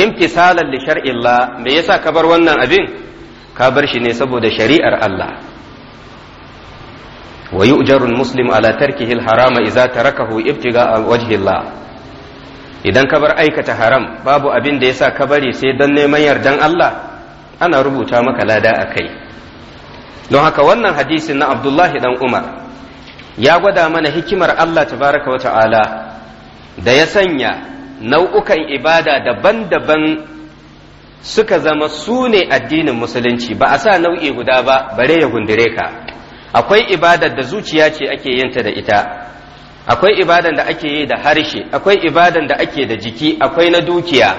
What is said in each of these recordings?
infisalan li shar'illah me yasa ka bar wannan abin ka bar shi ne saboda shari'ar Allah wa yu'jaru muslim ala tarkihi al-harama idza tarakahu ibtiga al-wajhi Allah idan ka bar aikata haram babu abin da yasa ka bari sai dan neman yardan Allah ana rubuta maka lada akai don haka wannan hadisin na Abdullahi dan Umar ya gwada mana hikimar Allah tabaraka wa ta'ala da ya sanya nau'ukan ibada daban-daban suka zama su ne addinin musulunci ba a sa nau'i guda ba bare ya gundure ka akwai ibadar da zuciya ce ake yinta da ita akwai ibadan da ake yi da harshe akwai ibadan da ake da jiki akwai na dukiya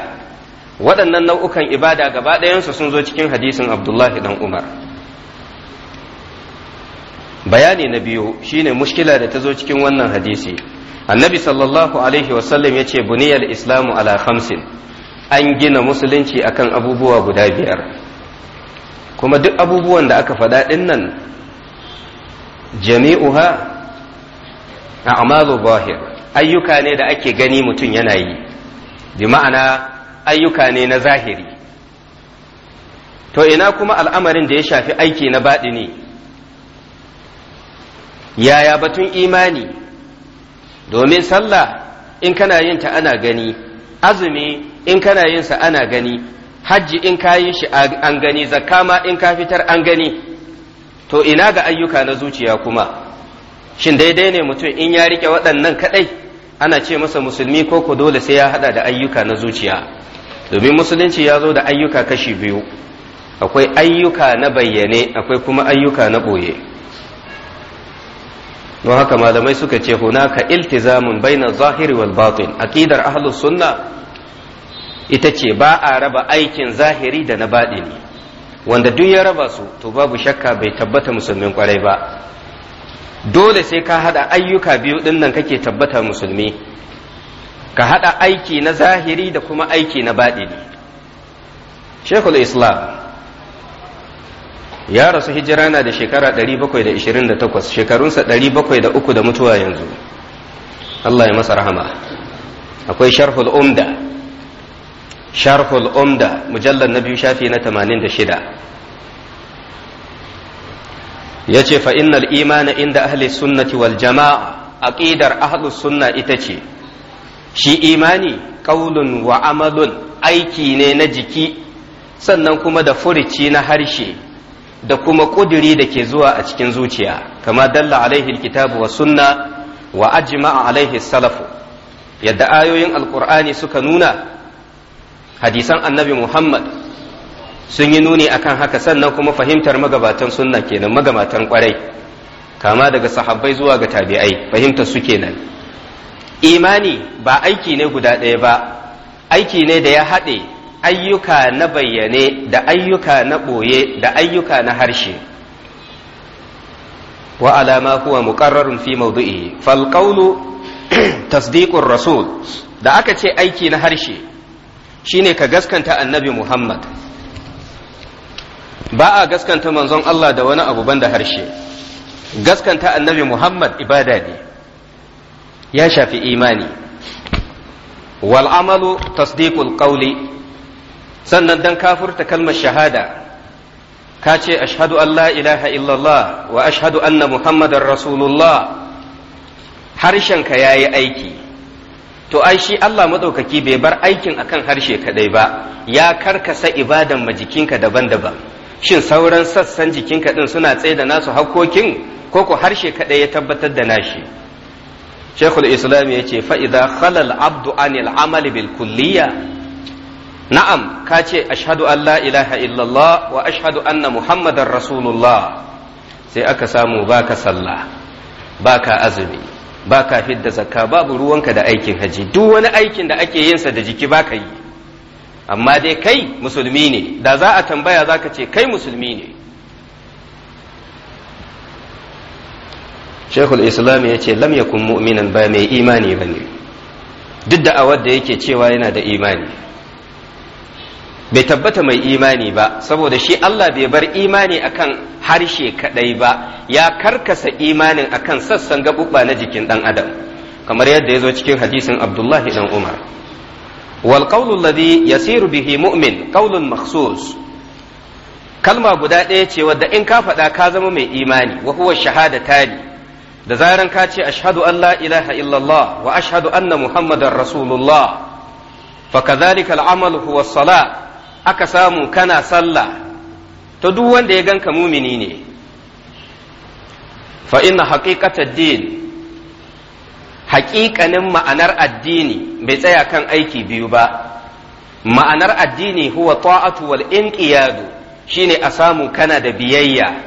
waɗannan nau'ukan ibada gaba ɗayansu sun zo cikin hadisin abdullahi dan umar bayani na biyu shine mushkila da ta zo cikin wannan hadisi annabi sallallahu alaihi wasallam ya ce buniyar islamu ala khamsin an gina musulunci akan abubuwa guda biyar kuma duk abubuwan da aka faɗa ɗin nan jami'uha amalu zahir ayyuka ne da ake gani mutum yana yi bi ma'ana ayyuka ne na zahiri to ina kuma al'amarin da ya shafi aiki na baɗi ne yaya batun imani domin sallah in kana yin ta ana gani azumi in kana yin sa ana gani hajji in ka yi shi an gani zakka ma in ka fitar an gani to ina ga ayyuka na zuciya kuma shin daidai ne mutum in ya rike waɗannan kaɗai ana ce masa musulmi ko ko dole sai ya haɗa da ayyuka na zuciya domin musulunci ya zo da ayyuka kashi biyu akwai ayyuka na bayyane akwai kuma ayyuka na ɓoye don haka malamai suka ce hunaka iltizamun baina zahiri wal batin aqidar ahlus sunna ita ce ba a raba aikin zahiri da na baɗini wanda duk ya raba su to babu shakka bai tabbata musulmin kwarai ba dole sai ka haɗa ayyuka biyu ɗin kake tabbata musulmi ka haɗa aiki na zahiri da kuma aiki na baɗini shekul islam ya rasu hijira na da shekara 728 shekarunsa 703 da mutuwa yanzu Allah ya masa rahama akwai sharhul umda sharhul umda mujallar na biyu shafi na 86 ya ce fa'innal imana inda ahli sunnati wal jama'a aƙidar ahli sunna ita ce shi imani ƙaulun wa amalun aiki ne na jiki sannan kuma da furici na harshe da kuma ƙudiri da ke zuwa a cikin zuciya kama dalla alaihi kitabu wa sunna wa ajma'a alaihi salafu yadda ayoyin alƙur'ani suka nuna hadisan annabi muhammad sun yi nuni akan haka sannan kuma fahimtar magabatan sunna kenan magabatan kwarai kama daga sahabbai zuwa ga tabi'ai fahimtar su kenan imani ba aiki ne guda ɗaya ba aiki ne da ya haɗe ayyuka na bayyane da ayyuka na ɓoye da ayyuka na harshe wa alama kuwa muƙarrarun fi maudu'i falƙaunu tasdiƙun rasul da aka ce aiki na harshe shine ka gaskanta annabi muhammad ba a gaskanta manzon Allah da wani abu banda harshe gaskanta annabi muhammad ibada ne ya shafi imani wal'amalu تصديق القول sannan dan kafurta kalmar shahada ka ce ashhadu an la ilaha illallah wa ashhadu anna muhammadar rasulullah harshenka ya yi aiki to ai shi Allah maɗaukaki bai bar aikin akan harshe kaɗai ba ya karkasa ibadan majikinka daban-daban shin sauran sassan jikinka ɗin suna tsaye da nasu hakkokin ko ko harshe kaɗai ya tabbatar da nashi shekul islam ya ce fa'iza khalal abdu anil amali bil kulliya na'am ka ce ashadu an la ilaha illallah wa ashadu anna muhammadar rasulullah sai aka samu baka sallah baka azumi baka fidda zakka babu ruwanka da aikin haji duk wani aikin da ake yinsa da jiki baka yi amma dai kai musulmi ne da za a tambaya za ka ce kai musulmi ne shekul islam ya ce lam yakun mu'minan ba mai imani ba ne duk da awar da yake cewa yana da imani bai tabbata mai imani ba saboda shi Allah bai bar imani akan harshe kadai ba ya karkasa imanin akan sassan gabubba na jikin dan adam kamar yadda ya zo cikin hadisin Abdullahi dan Umar wal qawlu alladhi yasiru bihi mu'min qawlun makhsus kalma guda ɗaya ce wadda in ka faɗa ka zama mai imani wa huwa shahadatani da zaran ka ce ashhadu an la ilaha illallah wa ashhadu anna muhammadar rasulullah fa kadhalika al'amal huwa aka samu kana sallah to duk wanda ya ganka mumini ne fa inna haqiqatad din haƙiƙanin ma'anar addini bai tsaya kan aiki biyu ba ma'anar addini huwa ta'atu wal inqiyadu shine a samu kana da biyayya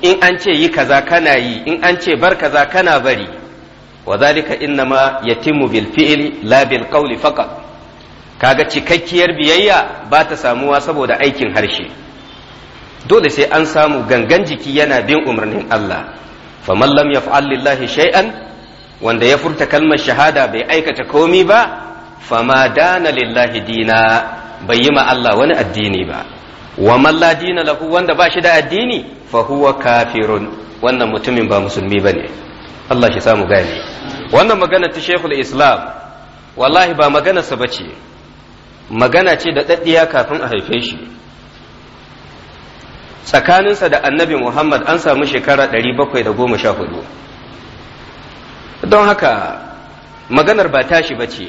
in an ce yi kaza kana yi in an ce bar kaza kana bari wa zalika innama yatimu bil fi'li la bil qawli faqat kaga cikakkiyar biyayya ba ta samuwa saboda aikin harshe dole sai an samu gangan jiki yana bin umarnin Allah faman lam yaf'al lillahi shay'an wanda ya furta kalmar shahada bai aikata komi ba fama dana lillahi dina bai yi ma Allah wani addini ba wa man la dina lahu wanda ba shi da addini fa huwa kafirun wannan mutumin ba musulmi bane Allah shi samu gane wannan magana ta Sheikhul Islam wallahi ba maganarsa bace magana ce da daddiya kafin a haife shi tsakaninsa da annabi muhammad an samu shekara 714 don haka maganar ba tashi ba ce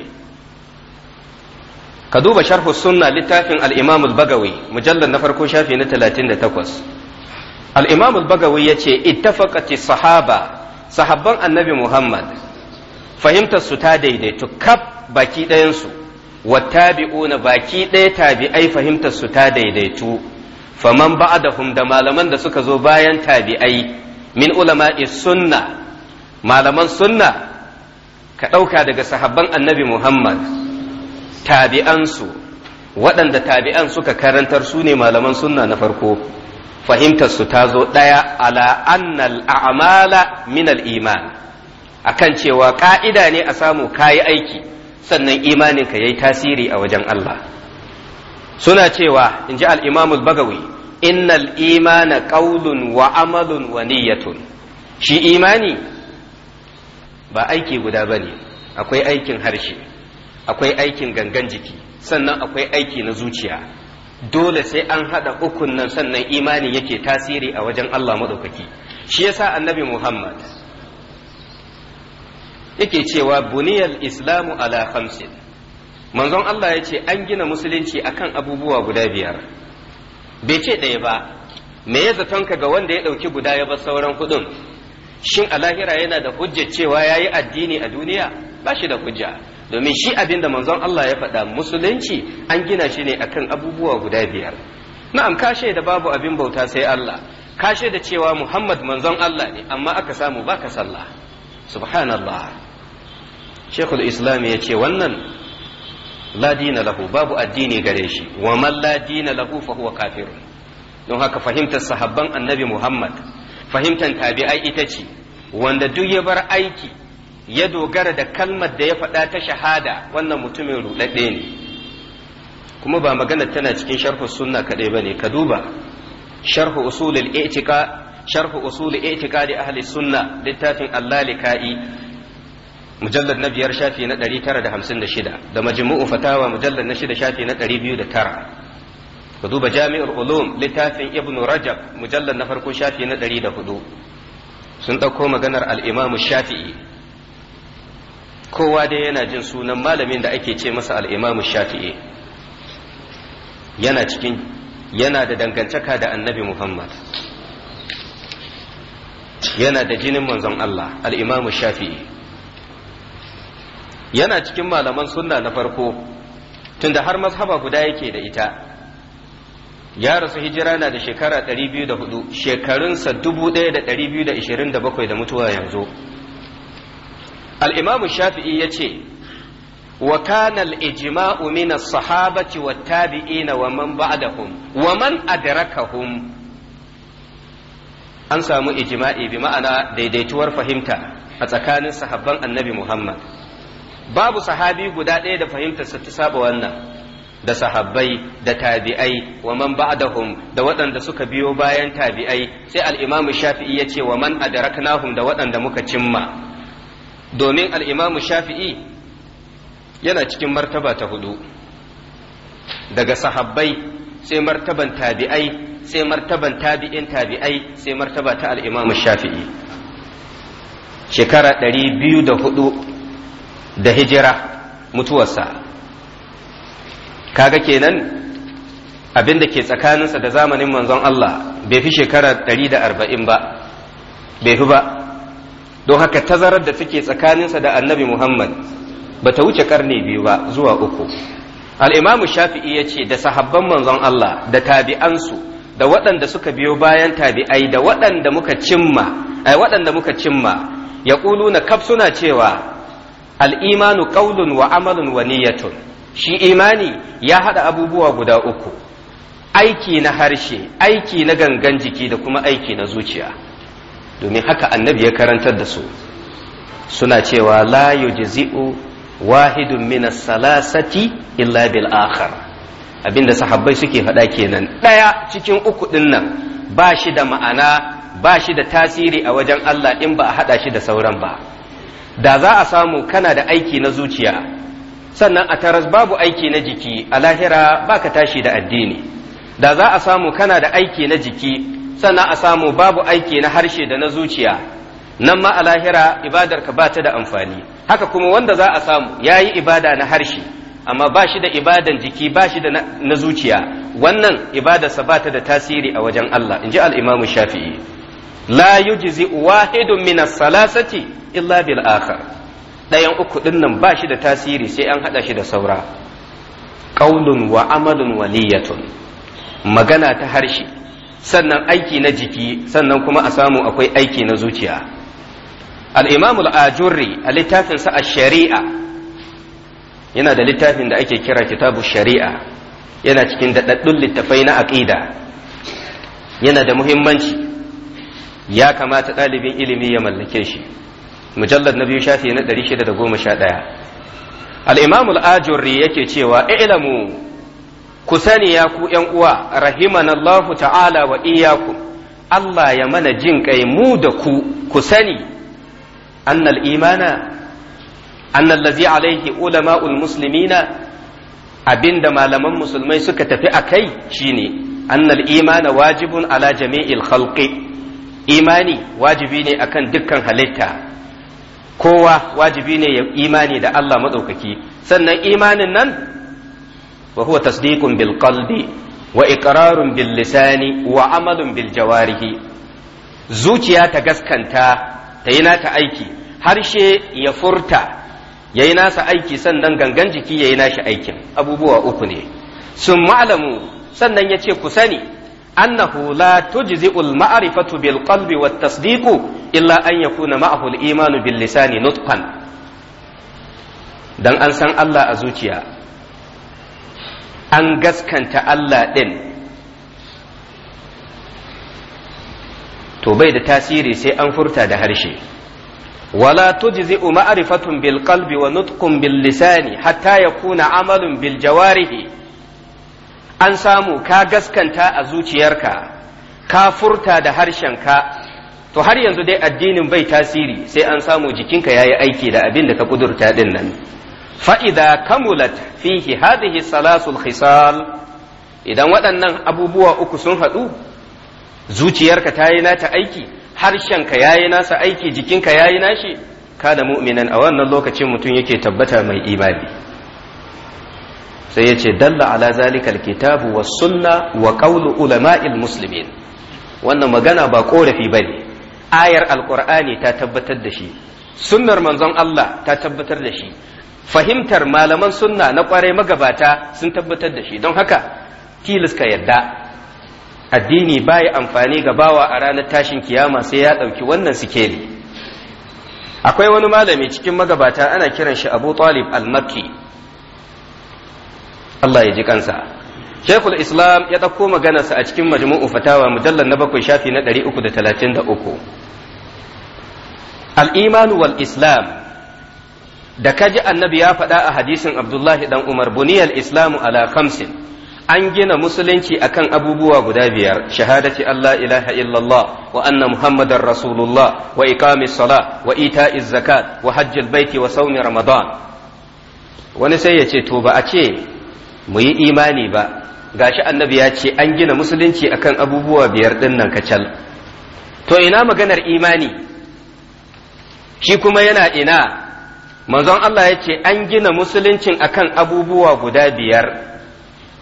ka duba sharhu sunna littafin al'imam bagawi mujallar na farko shafi na 38 al'imam bagawi ya ce ittafaqati sahaba sahabban annabi muhammad fahimtar su ta daidaitu kaf baki ɗayansu wattabi'una baki ɗaya tabi'ai fahimtar su ta daidaitu faman ba'dahum da malaman da suka zo bayan tabi'ai min ulama'i sunna malaman sunna ka ɗauka daga sahabban annabi Muhammad tabi'ansu waɗanda tabi'an suka karantar su ne malaman sunna na farko fahimtar su ta zo ɗaya ala annal a'mala min al iman akan cewa ka'ida ne a samu kayi aiki sannan imaninka yayi tasiri a wajen Allah suna cewa in ji al bagawi innal imana qaulun wa amalun wa niyyatun shi imani ba aiki guda bane akwai aikin harshe akwai aikin gangan jiki sannan akwai aiki na zuciya dole sai an haɗa ukun nan sannan imani yake tasiri a wajen Allah maɗaukaki shi yasa annabi Muhammad yake cewa buniyal islamu ala khamsin manzon Allah ya ce an gina musulunci akan abubuwa guda biyar bai ce ɗaya ba me ya zatonka ga wanda ya ɗauki guda ya bar sauran hudun shin a lahira yana da hujja cewa ya yi addini a duniya ba shi da hujja domin shi abin da manzon Allah ya faɗa musulunci an gina shi ne akan abubuwa guda biyar na'am ka da babu abin bauta sai Allah ka da cewa Muhammad manzon Allah ne amma aka samu baka sallah subhanallah shekul islam ya ce wannan la dina lahu babu addini gare shi wa man la dina lahu fa huwa don haka fahimtar sahabban annabi muhammad fahimtar tabi'ai ita ce wanda duk ya bar aiki ya dogara da kalmar da ya faɗa ta shahada wannan mutumin ruɗaɗɗe ne kuma ba magana tana cikin sharhu sunna kaɗai ba ne ka duba sharhu usulul i'tiqad sharhu usulul i'tiqadi ahli sunna littafin Allah lika'i mujallar na biyar shafi na 956 da majmu'u fatawa mujallar na shida shafi na 209 ka duba jami'ar ulum littafin ibnu rajab mujallar na farko shafi na 104 sun ɗauko maganar al'imamu shafi'i kowa dai yana jin sunan malamin da ake ce masa al'imamu shafi'i yana da dangantaka da annabi muhammad yana da jinin manzon Allah al'imamu shafi'i yana cikin malaman sunna na farko tunda har mazhaba guda yake da ita ya rasu hijira na da shekara 204 shekarunsa 1227 da mutuwa yanzu al-imam shafi'i ya ce wa kana al-ijma'u min as-sahabati tabiina wa man ba'dahum wa man adrakahum an samu ijima'i bi ma'ana daidaituwar fahimta a tsakanin sahabban annabi Muhammad babu sahabi guda ɗaya da fahimtarsa ta saba wannan da sahabbai da tabi'ai wa man ba'dahum da waɗanda suka biyo bayan tabi'ai sai al-imamu shafi'i ya ce wa man adraknahum da waɗanda muka cimma domin al-imamu shafi'i yana cikin martaba ta hudu daga sahabbai sai martaban tabi'ai sai martaban tabi'in tabi'ai sai martaba ta al-imamu shafi'i shekara 204 da hijira mutuwarsa kaga kenan abin da ke tsakaninsa da zamanin manzon Allah bai fi shekara 140 ba bai fi ba don haka tazarar da take tsakaninsa da annabi Muhammad ba ta wuce karni biyu ba zuwa uku al'imamu shafi'i ya ce da sahabban manzon Allah da tabi'ansu da waɗanda suka biyo bayan tabi'ai da waɗanda muka cimma ai waɗanda muka cimma ya na kaf suna cewa al'imanu ƙaunin wa amalin wa niyyatun shi imani ya haɗa abubuwa guda uku aiki na harshe aiki na gangan jiki da kuma aiki na zuciya domin haka annabi ya karantar da su suna cewa la yujzi'u wahidun min salasati illa bil akhar abinda sahabbai suke faɗa kenan ɗaya cikin uku ɗin nan ba shi da ma'ana ba shi da tasiri a wajen Allah in ba a haɗa shi da sauran ba da za a samu kana da aiki na zuciya sannan a taras babu aiki na jiki a lahira baka tashi da addini da za a samu kana da aiki na jiki sannan a samu babu aiki na harshe da na zuciya nan ma a lahira ibadarka ba ta da amfani haka kuma wanda za a samu ya yi ibada na harshe amma ba shi da ibadan jiki ba shi da na zuciya wannan ibadarsa ba ta da tasiri a wajen Allah in ji al'imamu shafi'i la yujzi wahidun minas salasati illa bil akhar ɗayan uku ɗin nan ba shi da tasiri sai an haɗa shi da saura ƙaulun wa amalun waliyatun magana ta harshe sannan aiki na jiki sannan kuma a samu akwai aiki na zuciya al-imam al a littafinsa a shari'a yana da littafin da ake kira kitabu shari'a yana cikin daɗaɗɗun littafai na aƙida yana da muhimmanci ya kamata ɗalibin ilimi ya mallake shi Mujallar na biyu shafi na 611 al-imam al-ajurri yake cewa i'lamu ku sani ya ku yan uwa rahimanallahu ta'ala wa iyyakum Allah ya mana jin kai mu da ku ku sani annal imana annal ladzi alaihi ulama'ul muslimina abinda malaman musulmai suka tafi a kai shine annal imana wajibun ala jami'il khalqi imani wajibi ne akan dukkan halitta kowa wajibi ne ya imani da Allah maɗaukaki sannan imanin nan wa huwa tasdiqun bil qalbi wa iqrarun bil lisani wa amalun bil jawarihi zuciya ta gaskanta ta yi nata aiki harshe ya furta ya yi nasa aiki sannan gangan jiki ya yi nashi aikin abubuwa uku ne sun ma'alamu sannan ya ce ku sani annahu la tujzi'ul ma'rifatu bil qalbi wat illa an yakuna ma'ahu al imanu bil lisani nutqan dan an san Allah a zuciya an gaskanta Allah ɗin, to bai da tasiri sai an furta da harshe wala tujzi'u ma'rifatun bil wa nutkun bil lisani hatta yakuna amalun bil jawarihi an samu ka gaskanta a zuciyarka ka furta da harshenka to har yanzu dai addinin bai tasiri sai an samu jikinka ya yi aiki da abin da ka kudurta din nan Fa'ida kamulat fihi hadhihi salasul khisal idan waɗannan abubuwa uku sun haɗu zuciyarka ta yi nata aiki harshenka ya yi nasa aiki jikinka ya yi nashi da mu'minan a wannan lokacin mutum yake tabbata mai imani sai ya ce dalla ala zalika alkitabu was sunna wa qawlu ulama'il muslimin wannan magana ba korafi bane ayar alqur'ani ta tabbatar da shi sunnar manzon Allah ta tabbatar da shi fahimtar malaman sunna na kwarai magabata sun tabbatar da shi don haka tilaska yadda addini baya amfani ga bawa a ranar tashin kiyama sai ya ɗauki wannan sikeli akwai wani malami cikin magabata ana kiran shi abu talib al-makki Allah ya ji kansa Sheikhul Islam ya ɗauko maganarsa a cikin majmu'u fatawa mujallar na bakwai shafi na da 333 al-iman wal islam da kaji annabi ya faɗa a hadisin Abdullahi dan Umar buniyal islamu ala khamsin an gina musulunci akan abubuwa guda biyar shahadati Allah ilaha illallah wa anna muhammadar rasulullah wa iqamis sala wa ita'iz zakat wa hajjil baiti wa sauni ramadan wani sai ya ce to ba a ce mu yi imani ba gashi annabi ya ce an gina musulunci akan abubuwa biyar din nan kacal to ina maganar imani shi kuma yana ina manzon Allah ya ce an gina musuluncin akan abubuwa guda biyar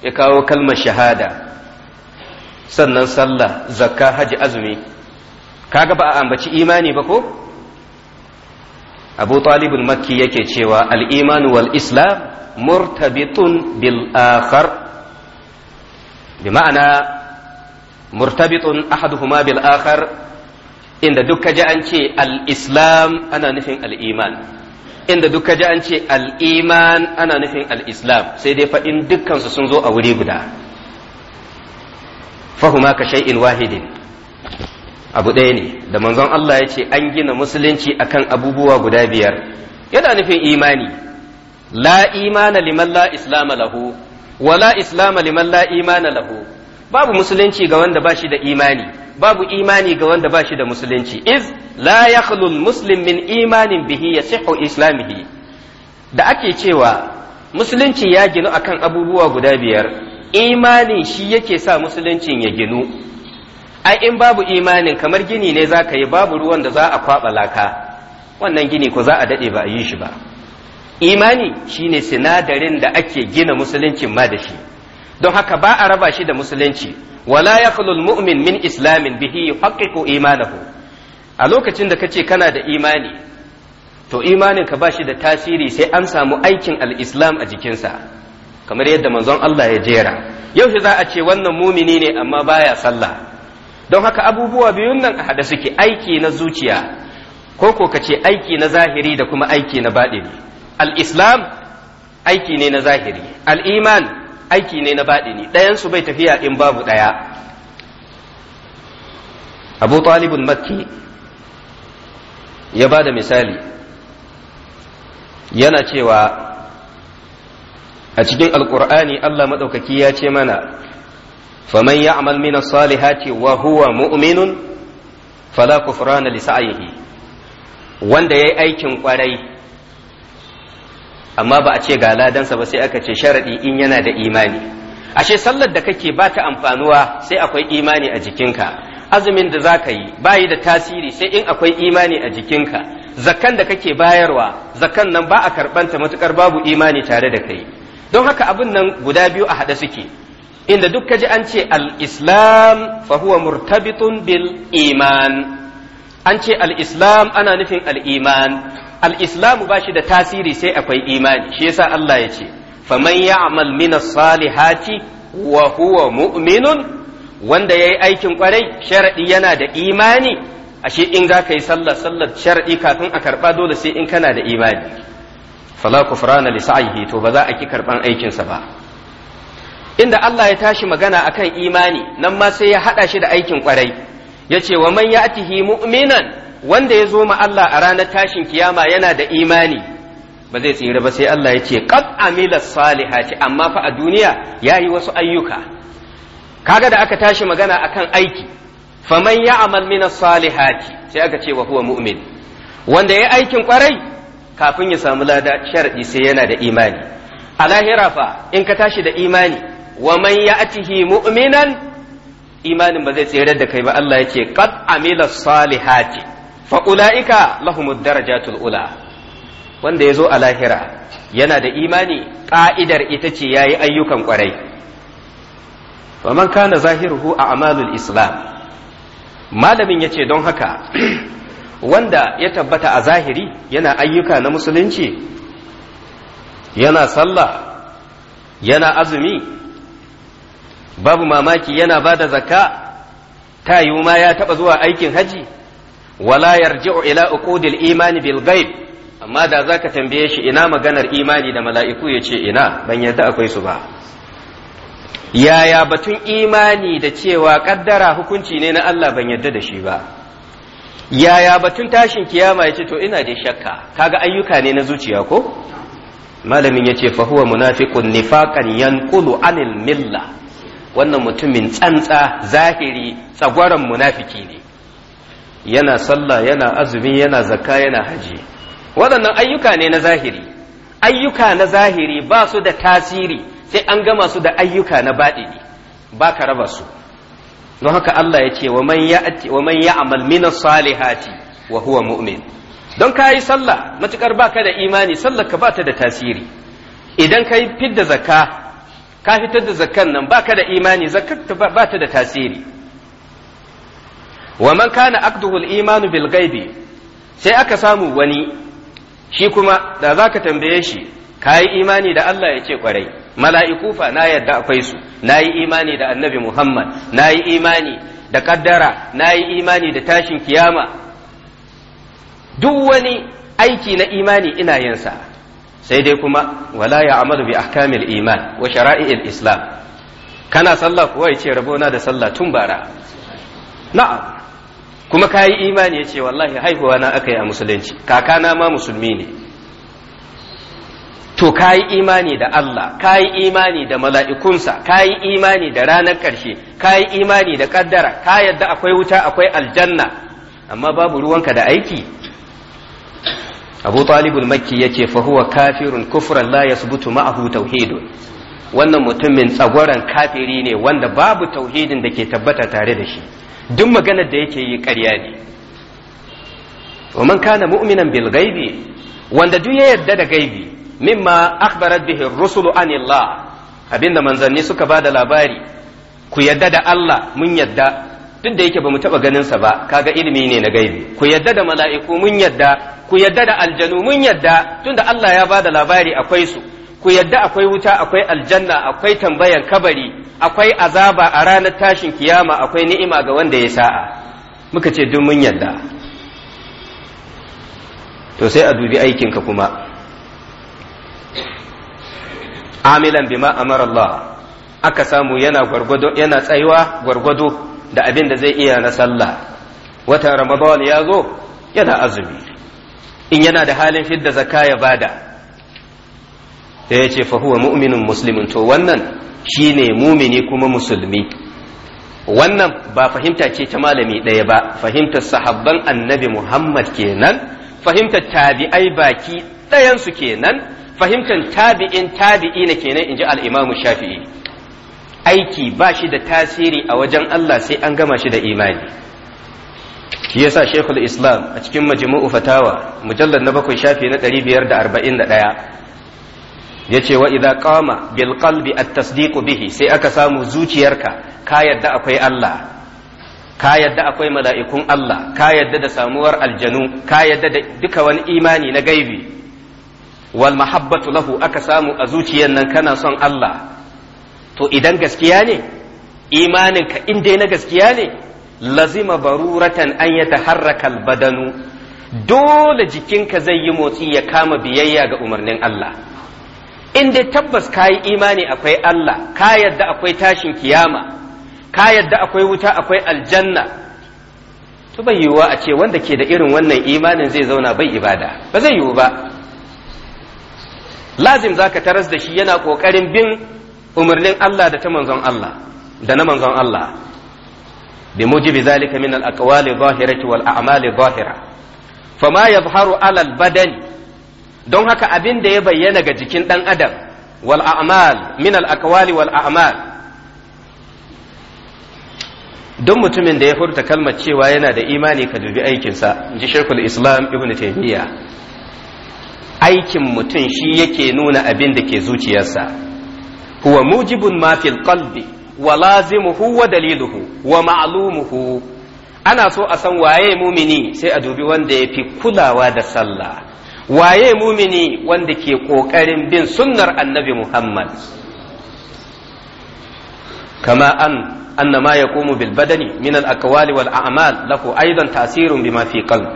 ya kawo kalmar shahada sannan sallah zakka haji azumi kaga ba a ambaci imani ba ko abu talibul makki yake cewa al'imanu wal islam murtabitun bil akhar bi ma'ana murtabitun ahaduhuma bil akhar inda duk kaji an ce al'islam ana nufin al'iman. inda duk kaji an ce al-iman ana nufin al'islam sai dai faɗin dukansu sun zo a wuri guda fahuma ka shay'in wahidin abu ɗaya ne da manzon Allah ya ce an gina musulunci akan abubuwa guda biyar yana nufin imani la imana liman la islama lahu wa la islama liman la imana lahu babu musulunci ga wanda bashi da imani babu imani ga wanda bashi da musulunci iz la yakhlu muslim min imanin bihi yasihhu islamihi da ake cewa musulunci ya ginu akan abubuwa guda biyar imani shi yake sa musuluncin ya ginu ai in babu imanin kamar gini ne za ka yi babu ruwan da za a kwaɓa laka wannan gini ko za a daɗe ba a yi shi ba imani shi ne sinadarin da ake gina musuluncin ma da shi don haka ba a raba shi da musulunci wala yakhlul mu'min min islamin bihi haqqiqu imanahu a lokacin da kace kana da imani to imanin ka bashi da tasiri sai an samu aikin al-islam a jikinsa kamar yadda manzon Allah ya jera yau shi za a ce wannan mumini ne amma baya sallah don haka abubuwa biyun nan a haɗe suke aiki na zuciya ko ko ka ce aiki na zahiri da kuma aiki na baɗini al-islam aiki ne na zahiri al-iman aiki ne na baɗini ɗayansu bai tafiya in babu ɗaya abu talibun makki ya ba da misali yana cewa a cikin alkur'ani allah maɗaukaki ya ce mana faman ya'mal min as-salihati wa huwa mu'minun fala kufrana li sa'ihi wanda yayi aikin kwarai amma ba a ce ga ladansa ba sai aka ce sharadi in yana da imani ashe sallar da kake ba ta amfanuwa sai akwai imani a jikinka azumin da za ka yi bayi da tasiri sai in akwai imani a jikinka zakan da kake bayarwa zakan nan ba a ta matukar babu imani tare da kai don haka abin nan guda biyu a haɗe suke inda duk kaji an ce al-islam fa huwa murtabitun bil iman an ce al-islam ana nufin al-iman al-islam ba shi da tasiri sai akwai imani shi yasa Allah ya ce man ya'mal min salihati wa huwa mu'minun wanda yayi aikin kwarai sharadi yana da imani ashe in za ka yi sallar sallar sharadi kafin a karba dole sai in kana da imani fala kufrana li sa'ihi to ba za a ki karban aikinsa ba inda Allah ya tashi magana akan imani nan ma sai ya haɗa shi da aikin kwarai, ya ce wa man ya'tihi mu'minan wanda ya zo ma Allah a ranar tashin kiyama yana da imani ba zai tsira ba sai Allah ya ce qad amila salihati amma fa a duniya yayi wasu ayyuka kaga da aka tashi magana akan aiki fa man ya'mal min salihati sai aka ce wa huwa mu'min wanda ya aikin kwarai, kafin ya samu lada sharadi sai yana da imani a lahira fa in ka tashi da imani wa man ya'tihi mu'minan imanin ba zai tsere da kai ba Allah yake qad amila salihati fa ulaika lahumud darajatul ula wanda ya zo a lahira yana da imani ƙa'idar ita ce ya yi ayyukan kwarai. wa man kana zahiruhu a amalul islam malamin ya ce don haka wanda ya tabbata a zahiri yana ayyuka na musulunci yana sallah yana azumi babu mamaki yana ba da zaka ta yi ma ya taɓa zuwa aikin haji wala yarji'u ila uqudil imani bil ghaib amma da zaka tambaye shi ina maganar imani da mala'iku ya ce ina ban yarda akwai su ba yaya batun imani da cewa kaddara hukunci ne na Allah ban yarda da shi ba yaya batun tashin kiyama yace to ina da shakka kaga ayyuka ne na zuciya ko malamin yace ce fa huwa munafiqun nifaqan yanqulu anil millah wannan mutumin tsantsa zahiri tsagwaron munafiki ne yana sallah yana azumi yana zakka yana haji waɗannan ayyuka ne na zahiri ayyuka na zahiri ba su da tasiri sai an gama su da ayyuka na baɗini ba ka raba su don haka Allah ya ce wa man ya'mal min salihati wa huwa mu'min don ka yi sallah matukar baka da imani sallar ka bata da tasiri idan ka yi fidda zakka ka fitar da zakkan nan ba ka da imani zakkar ba ta da tasiri wa man kana aqduhu al-imanu bil ghaibi sai aka samu wani shi kuma da zaka tambaye shi kai imani da Allah ya ce kwarai mala'iku fa na yadda akwai su nayi imani da annabi Muhammad nayi imani da kaddara nayi imani da tashin kiyama duk wani aiki na imani ina yin sa sai dai kuma wala ya amalu bi ahkamil iman wa shara'i'il islam kana sallah kuwa yace rabona da sallah tun bara na'am kuma ka yi imani yace wallahi haihuwa na aka yi a musulunci kakana ma musulmi ne to ka yi imani da Allah ka yi imani da mala'ikunsa ka yi imani da ranar ƙarshe ka yi imani da ƙaddara ka yadda akwai wuta akwai aljanna amma babu ruwanka da aiki abu talibul makki ya ce fahuwa kafirun kufran la yasbutu ma'ahu tauhidun wannan mutumin tsagwaron kafiri ne wanda babu tauhidin da ke tabbata tare da shi duk maganar da yake yi ƙarya ne wa man kana mu'minan bil ghaibi wanda duk ya yarda da gaibi mimma akhbarat bihi rusulu anillah abinda manzanni suka bada labari ku yarda da Allah mun yarda duk da yake mu taba ganin sa ba kaga ilimi ne na gaibi ku yadda da mala'iku mun yadda ku yadda da aljanu mun yadda tunda Allah ya ba da labari akwai su ku yadda akwai wuta akwai aljanna akwai tambayan kabari akwai azaba a ranar tashin kiyama akwai ni'ima ga wanda ya sa'a muka ce duk mun yadda to sai a dubi aikinka kuma amilan bima amara Allah aka samu yana gwargwado yana tsayuwa gwargwado da abin da zai iya na sallah watan ramadan ya zo yana azumi in yana da halin fidda zakka ya bada da ya ce fa huwa mu'minun musulmin to wannan shine mumini kuma musulmi wannan ba fahimta ce ta malami ɗaya ba fahimtar sahabban annabi muhammad kenan fahimtar tabi'ai baki ɗayansu kenan fahimtar tabi'in tabi'i na kenan in ji al'imamu shafi'i aiki ba shi da tasiri a wajen Allah sai an gama shi da imani shi yasa shekul islam a cikin majmu'u fatawa mujallar na bakwai shafi na 541 ya ce wa idan qama bil qalbi at bihi sai aka samu zuciyarka ka yadda akwai Allah ka yadda akwai mala'ikun Allah ka yadda da samuwar aljanu ka yadda da duka wani imani na gaibi wal mahabbatu lahu aka samu a zuciyar nan kana son Allah to idan gaskiya ne imaninka in dai na gaskiya ne lazima baruratan an ya taharraka albadanu dole jikinka zai yi motsi ya kama biyayya ga umarnin Allah in dai tabbas ka yi imani akwai Allah ka yadda akwai tashin kiyama ka yadda akwai wuta akwai aljanna to bai yiwuwa a ce wanda ke da irin wannan imanin zai zauna bai ibada ba zai yiwu ba lazim zaka taras da shi yana kokarin bin umarnin Allah da ta manzon Allah da na manzon Allah bi mujibi zalika min al aqwali zahirati wal a'mali zahira fama yadhharu ala al badani don haka abin da ya bayyana ga jikin dan adam wal a'mal min al aqwali wal a'mal don mutumin da ya furta kalmar cewa yana da imani ka dubi aikinsa ji shekul islam ibn taymiya aikin mutum shi yake nuna abin da ke zuciyarsa huwa mujibun ma fil qalbi wa lazimuhu wa daliluhu wa ma'lumuhu ana so a san waye mumini sai a dubi wanda ya fi kulawa da sallah waye mumini wanda ke ƙoƙarin bin sunnar annabi muhammad kama an أن ما يقوم بالبدن من الأقوال والأعمال له أيضا tasirin بما في قلب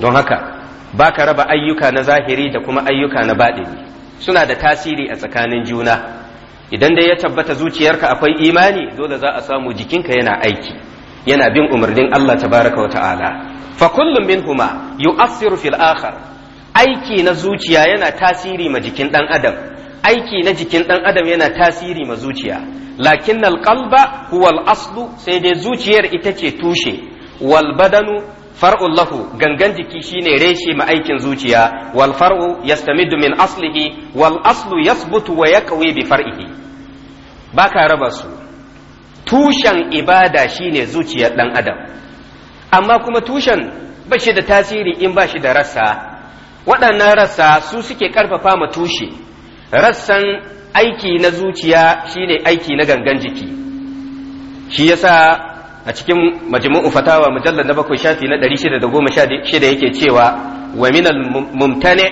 don haka ba ka raba ayyuka na zahiri da kuma ayyuka na baɗini suna da tasiri a tsakanin juna idan dai ya tabbata zuciyarka akwai imani dole za a samu jikinka yana aiki yana bin umarnin Allah tabaraka wa ta'ala fa kullum ma yu'assiru fil akhar aiki na zuciya yana tasiri ma jikin dan adam aiki na jikin dan adam yana tasiri ma zuciya lakin qalba huwa al-aslu sai dai zuciyar ita ce tushe wal badanu far'u lahu gangan jiki shine reshe ma aikin zuciya wal far'u yastamidu min aslihi wal aslu yasbutu wa yaqwi bi far'ihi baka raba su tushen ibada shine zuciyar dan adam amma kuma tushen ba shi da tasiri in ba shi da rassa waɗannan rassa su suke ƙarfafa ma tushe rassan aiki na zuciya shine aiki na gangan jiki shi yasa a cikin majmu'u fatawa mujallar na bakwai shafi na 616 yake cewa wa minal mumtani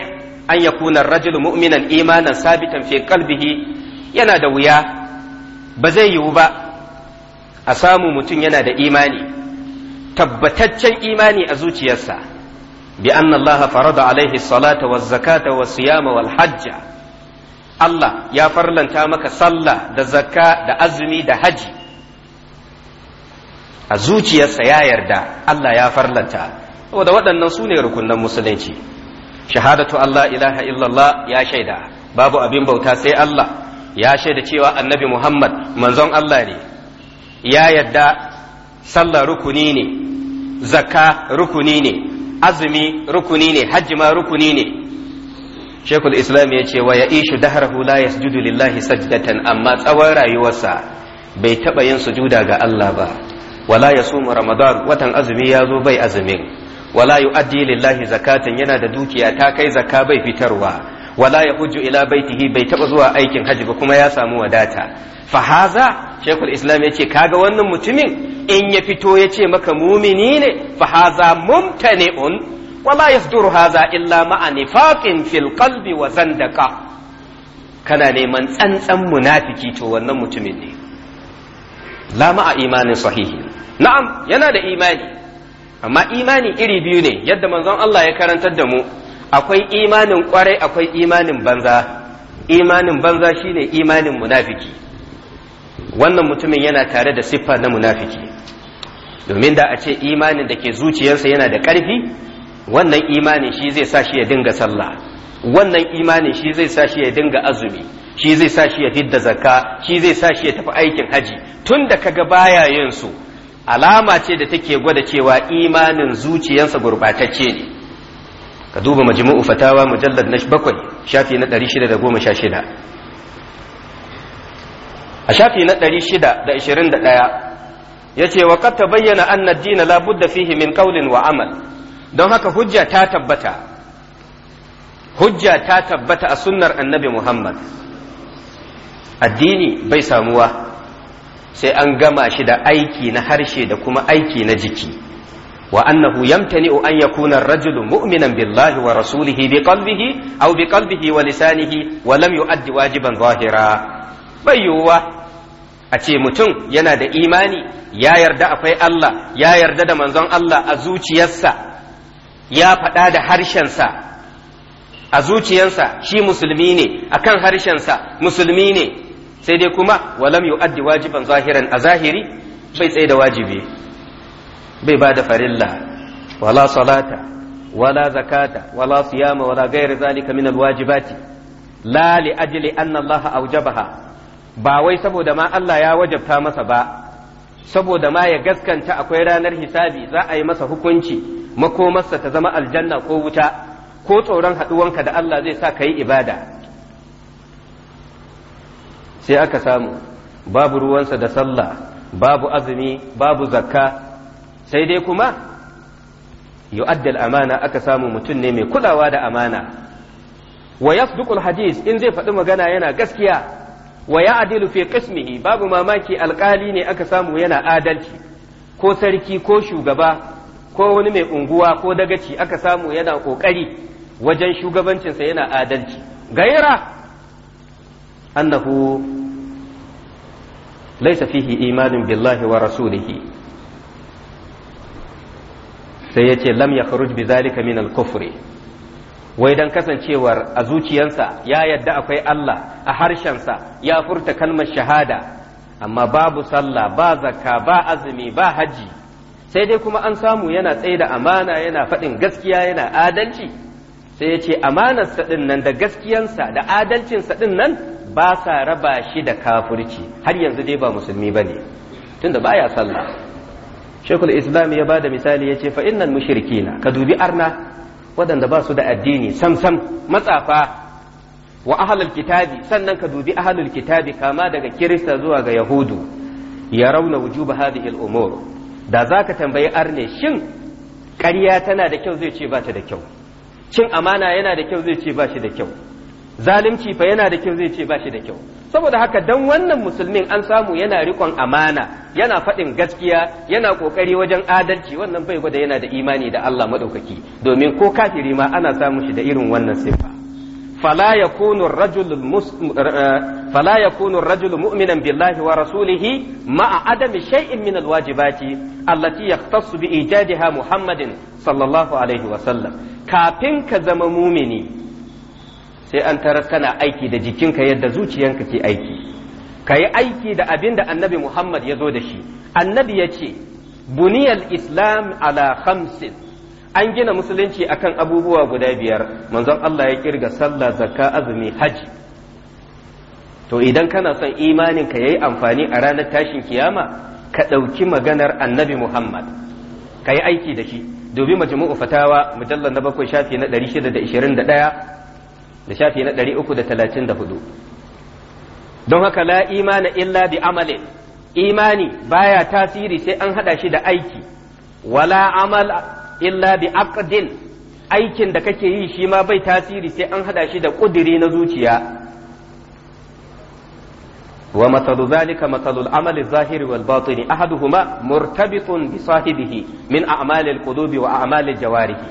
an yakuna ar mu'minan imanan sabitan fi qalbihi yana da wuya ba zai yiwu ba a samu mutum yana da imani tabbataccen imani a zuciyarsa bi anna Allah farada alaihi salata waz zakata was siyama wal hajja Allah ya farlanta maka sallah da zakka da azumi da haji a zuciyarsa ya yarda Allah ya farlanta saboda waɗannan su ne rukunan musulunci shahadatu Allah ilaha illallah ya shaida babu abin bauta sai Allah ya shaida cewa annabi Muhammad manzon Allah ne ya yarda sallah rukuni ne zakka rukuni ne azumi rukuni ne hajji ma rukuni ne shekul islam ya ce wa ya ishu daharahu la yasjudu lillahi sajdatan amma tsawon rayuwarsa bai taɓa yin sujuda ga Allah ba wala yasumu ramadan watan azumi ya zo bai azumin wala yu'addi lillahi zakatan yana da dukiya ta kai zakka bai fitarwa wala hujju ila baitihi bai taba zuwa aikin hajji ba kuma ya samu wadata fa haza shaykhul islam yace kaga wannan mutumin in ya fito yace maka mumini ne fa haza mumtani'un wala yasduru haza illa ma'a nifaqin fil qalbi wa zandaqa kana neman tsantsan munafiki to wannan mutumin ne la ma'a imanin sahihi na'am yana da imani amma imani iri biyu ne yadda manzon Allah ya karantar da mu akwai imanin kwarai akwai imanin banza imanin banza shine imanin munafiki wannan mutumin yana tare da siffa na munafiki domin da a ce imanin da ke zuciyarsa yana da ƙarfi wannan imanin shi zai sa shi ya dinga sallah wannan imanin shi zai sa shi ya dinga azumi shi zai sa shi ya fidda zakka shi zai sa shi ya tafi aikin haji tun da kaga baya yin su alama ce da take gwada cewa imanin zuciyarsa gurbatacce ne ka duba majmu'u fatawa mujallad na bakwai shafi na 616 a shafi na 621 ya ce wa ta bayyana an din la budda fihi min qawlin wa amal don haka hujja ta tabbata hujja ta tabbata a sunnar annabi muhammad addini bai samuwa sai an gama shi da aiki na harshe da kuma aiki na jiki wa annahu yamtani'u an yakuna ar-rajulu mu'minan billahi wa rasulihi bi qalbihi aw bi qalbihi wa lisanihi wa lam yu'addi wajiban zahira bai yiwuwa a ce mutum yana da imani ya yarda akwai Allah ya yarda da manzon Allah a zuciyarsa ya faɗa da harshensa a zuciyarsa shi musulmi ne akan harshensa musulmi ne sai dai kuma walam yu'addi wajiban zahiran a zahiri bai tsaye da wajibi bai ba da farilla wala salata wala zakata wala siyama wala ghairi zalika min alwajibati la li ajli anna Allah awjabaha ba wai saboda ma Allah ya wajabta masa ba saboda ma ya gaskanta akwai ranar hisabi za a yi masa hukunci makomarsa ta zama aljanna ko wuta ko tsoron haɗuwanka da Allah zai sa ka yi ibada sai aka samu babu ruwansa da sallah babu azumi babu zakka sai dai kuma yu'addal amana aka samu mutum ne mai kulawa da amana wa yasduqul hadis in zai faɗi magana yana gaskiya wa ya'dilu fi qismihi babu mamaki alƙali ne aka samu yana adalci ko sarki ko shugaba ko wani mai unguwa ko dagaci aka samu yana ƙoƙari wajen shugabancinsa yana adalci gaira annahu laysa fihi imanin billahi wa rasulihi sai yace lam yakhruj bi zalika min al-kufri wai dan kasancewar a zuciyarsa ya yadda akwai Allah a harshen sa ya furta kalmar shahada amma babu sallah ba zakka ba azumi ba hajji sai dai kuma an samu yana tsaye da amana yana faɗin gaskiya yana adalci sai ya ce amanarsa ɗin nan da gaskiyansa da adalcinsa ɗin nan ba sa raba shi da kafurci har yanzu dai ba musulmi ba ne tunda baya sallah shekul islam ya ba da misali ya ce fa innal na ka dubi arna waɗanda ba su da addini samsam matsafa wa ahlul kitabi sannan ka dubi ahalul kitabi kama daga kirista zuwa ga yahudu ya rauna wujuba hadhihi al-umur da zaka tambayi arne shin ƙarya tana da kyau zai ce ba ta da kyau cin amana yana da kyau zai ce ba shi da kyau zalunci fa yana da kyau zai ce ba shi da kyau saboda haka dan wannan musulmin an samu yana rikon amana yana faɗin gaskiya yana ƙoƙari wajen adalci wannan bai gwada yana da imani da Allah maɗaukaki domin ko kafiri ma ana samun shi da irin wannan siffa fala yakunu rajulul eh, Bala yakunu ar-rajulu mu'minan billahi wa rasulihi ma'a adami shay'in min al-wajibati allati yaqtasu bi ijadiha Muhammadin sallallahu alaihi wa sallam kafin ka zama mumini sai an tarar kana aiki da jikinka yadda zuciyanka ke aiki ka yi aiki da abin da annabi Muhammad ya zo da shi annabi ya ce buniyal islam ala khamsin an gina musulunci akan abubuwa guda biyar manzon Allah ya kirga sallah zakka azumi hajji to idan kana son imanin ka yayi amfani a ranar tashin kiyama ka ɗauki maganar annabi muhammad ka yi aiki da shi dubi majmu'u fatawa mujallar na bakwai shafi na 621 da shafi na 334 don haka la imana illa bi amalin imani baya tasiri sai an hada shi da aiki wala amal illa bi aqdin aikin da kake yi shi ma bai tasiri sai an hada shi da kudiri na zuciya wa mathalu zalika mathalu amali zahiri wal batini ahaduhuma murtabitun bi sahibihi min a'mali al-qulubi wa a'mali al-jawarihi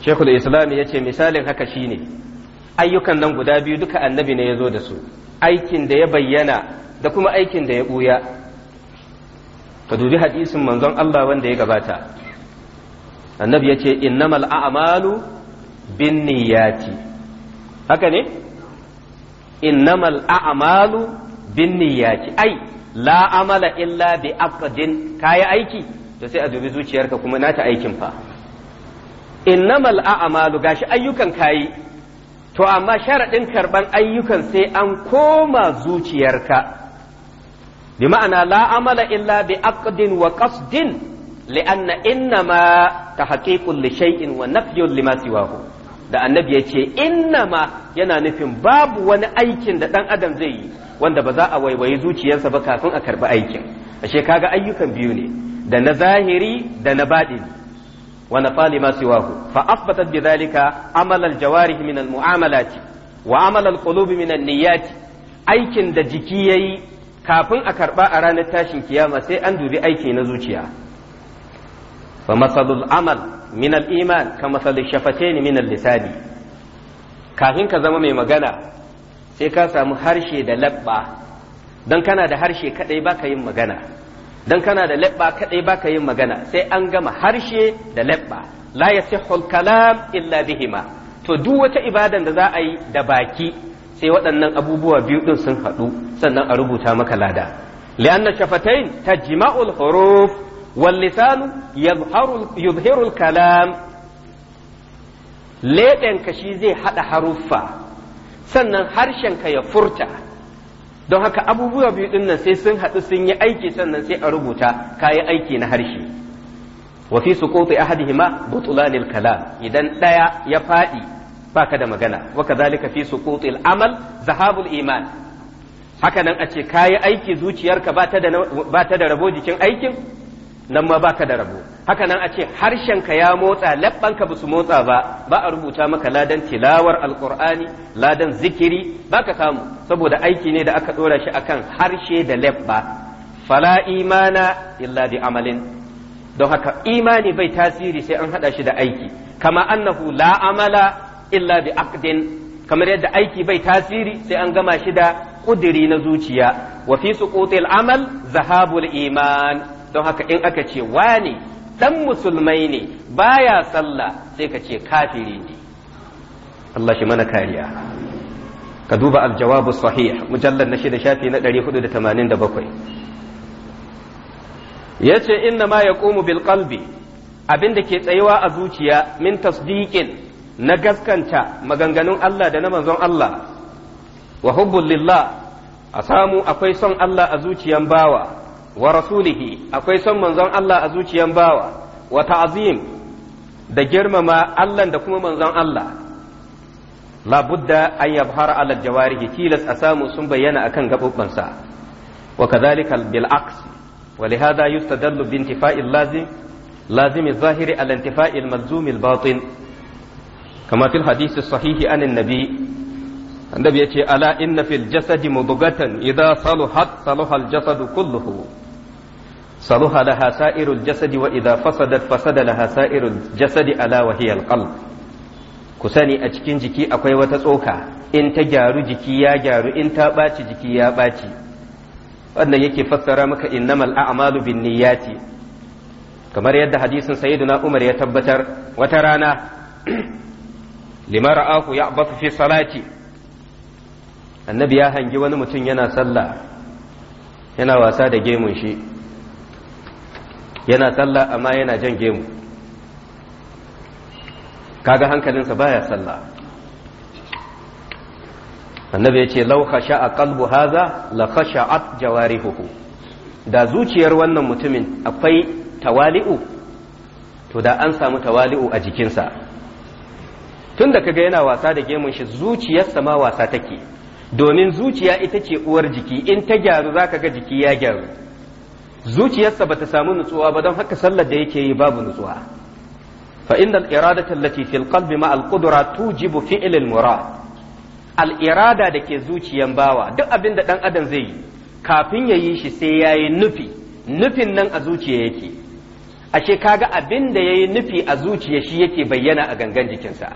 Sheikhul Islam ya ce misalin haka shine ayyukan nan guda biyu duka annabi ne ya zo da su aikin da ya bayyana da kuma aikin da ya buya. ka dubi hadisin manzon Allah wanda ya gabata annabi ya ce innamal a'malu bin niyati haka ne innamal a'malu binniyati ai la'amala illa bi aqdin kayi aiki to sai a dubi zuciyarka kuma nata aikin fa innamal a'malu gashi ayyukan kayi to amma sharaɗin karɓan ayyukan sai an koma zuciyarka bi ma'ana la'amala illa bi aqdin wa qasdin li'anna innama tahqiqul li shay'in wa nafyun lima siwahu da annabi ya ce innama yana nufin babu wani aikin da ɗan adam zai yi wanda ba za a waiwayi zuciyarsa ba kafin a karɓi aikin ashe kaga ayyukan biyu ne da na zahiri da na baɗi wa na fali masu siwahu fa asbatat bi zalika amalar jawari min al mu'amalati wa amalal kulubi qulubi min niyyati aikin da jiki yayi kafin a karɓa a ranar tashin kiyama sai an dubi aiki na zuciya fa masalul amal min al iman ka masalul shafatayn min al lisani kafin ka zama mai magana sai ka samu harshe da labba dan kana da harshe kadai baka yin magana dan kana da labba kadai baka yin magana sai an gama harshe da labba la yasihhu kalam illa bihima to duk wata ibadan da za a yi da baki sai waɗannan abubuwa biyu ɗin sun haɗu sannan a rubuta maka lada li'anna shafatain tajma'ul huruf واللسان يظهر يظهر الكلام shi zai haɗa haruffa sannan harshenka ya furta don haka abubuwa biyu ɗin sai sun haɗu sun yi aiki sannan sai a rubuta kayi aiki na harshe wa fi suquti ahadihima butulanil kalam idan ɗaya ya faɗi baka da magana wa kadhalika fi suqutil amal zahabul iman hakanan a ce kayi aiki zuciyarka ba ta da rabo jikin aikin nan ma baka da rabo haka nan a ce harshenka ya motsa labbanka ba su motsa ba ba a rubuta maka ladan tilawar alkur'ani ladan zikiri baka samu saboda aiki ne da aka dora shi akan harshe da labba fala imana illa bi amalin don haka imani bai tasiri sai an hada shi da aiki kama annahu la amala illa bi aqdin kamar yadda aiki bai tasiri sai an gama shi da ƙudiri na zuciya wa fi suqutil amal zahabul iman don haka in aka ce wane ɗan musulmai ne baya sallah sai ka ce kafiri ne Allah shi mana kariya ka duba aljawabu sahih mujallar na shida shafi na 487 ya ce inna ma ya ƙumu bil qalbi abin da ke tsayuwa a zuciya min tasdiqin na gaskanta maganganun Allah da na manzon Allah wa hubbul lillah a samu akwai son Allah a zuciyan bawa wa rasulihi akwai son manzon Allah a zuciyan bawa wa ta'zim da girmama Allah da kuma manzon Allah labudda an yabhara ala jawarihi tilas a samu sun bayyana akan gaɓuɓɓansa wa kadhalika bil aqs wa li hadha yustadallu bi intifa'il lazim lazim zahiri ala intifa'il malzum al batin kama fil hadith sahihi an nabi annabi ce ala inna fil jasadi mudghatan idha saluhat saluha al jasadu kulluhu saluha laha sa'irul jasadi wa idza fasadat fasada laha jasadi ala wa hiya ku sani a cikin jiki akwai wata tsoka in ta gyaru jiki ya gyaru in ta ɓaci jiki ya ɓaci wannan yake fassara maka innamal a'malu binniyati kamar yadda hadisin sayyiduna umar ya tabbatar wata rana lima ra'ahu ya'bathu fi salati annabi ya hangi wani mutum yana sallah yana wasa da gemun shi yana sallah amma yana jan gemu kaga hankalinsa baya sallah annabi ya ce lau khasha a kalbu haza la jawari huku da zuciyar wannan mutumin akwai tawali'u to da an samu tawali'u a jikinsa tun da kaga yana wasa da gemun shi zuciyarsa ma wasa take domin zuciya ita ce uwar jiki in ta gyaru za ka ga jiki ya gyaru zuciyarsa bata samu nutsuwa ba don haka sallar da yake yi babu nutsuwa fa inda al tallafi allati fil qalbi ma al tujibu fi'l al-murad irada da ke zuciyan bawa duk abin da dan adam zai yi kafin ya yi shi sai yayi nufi nufin nan a zuciya yake ashe kaga abin da yayi nufi a zuciya shi yake bayyana a gangan jikinsa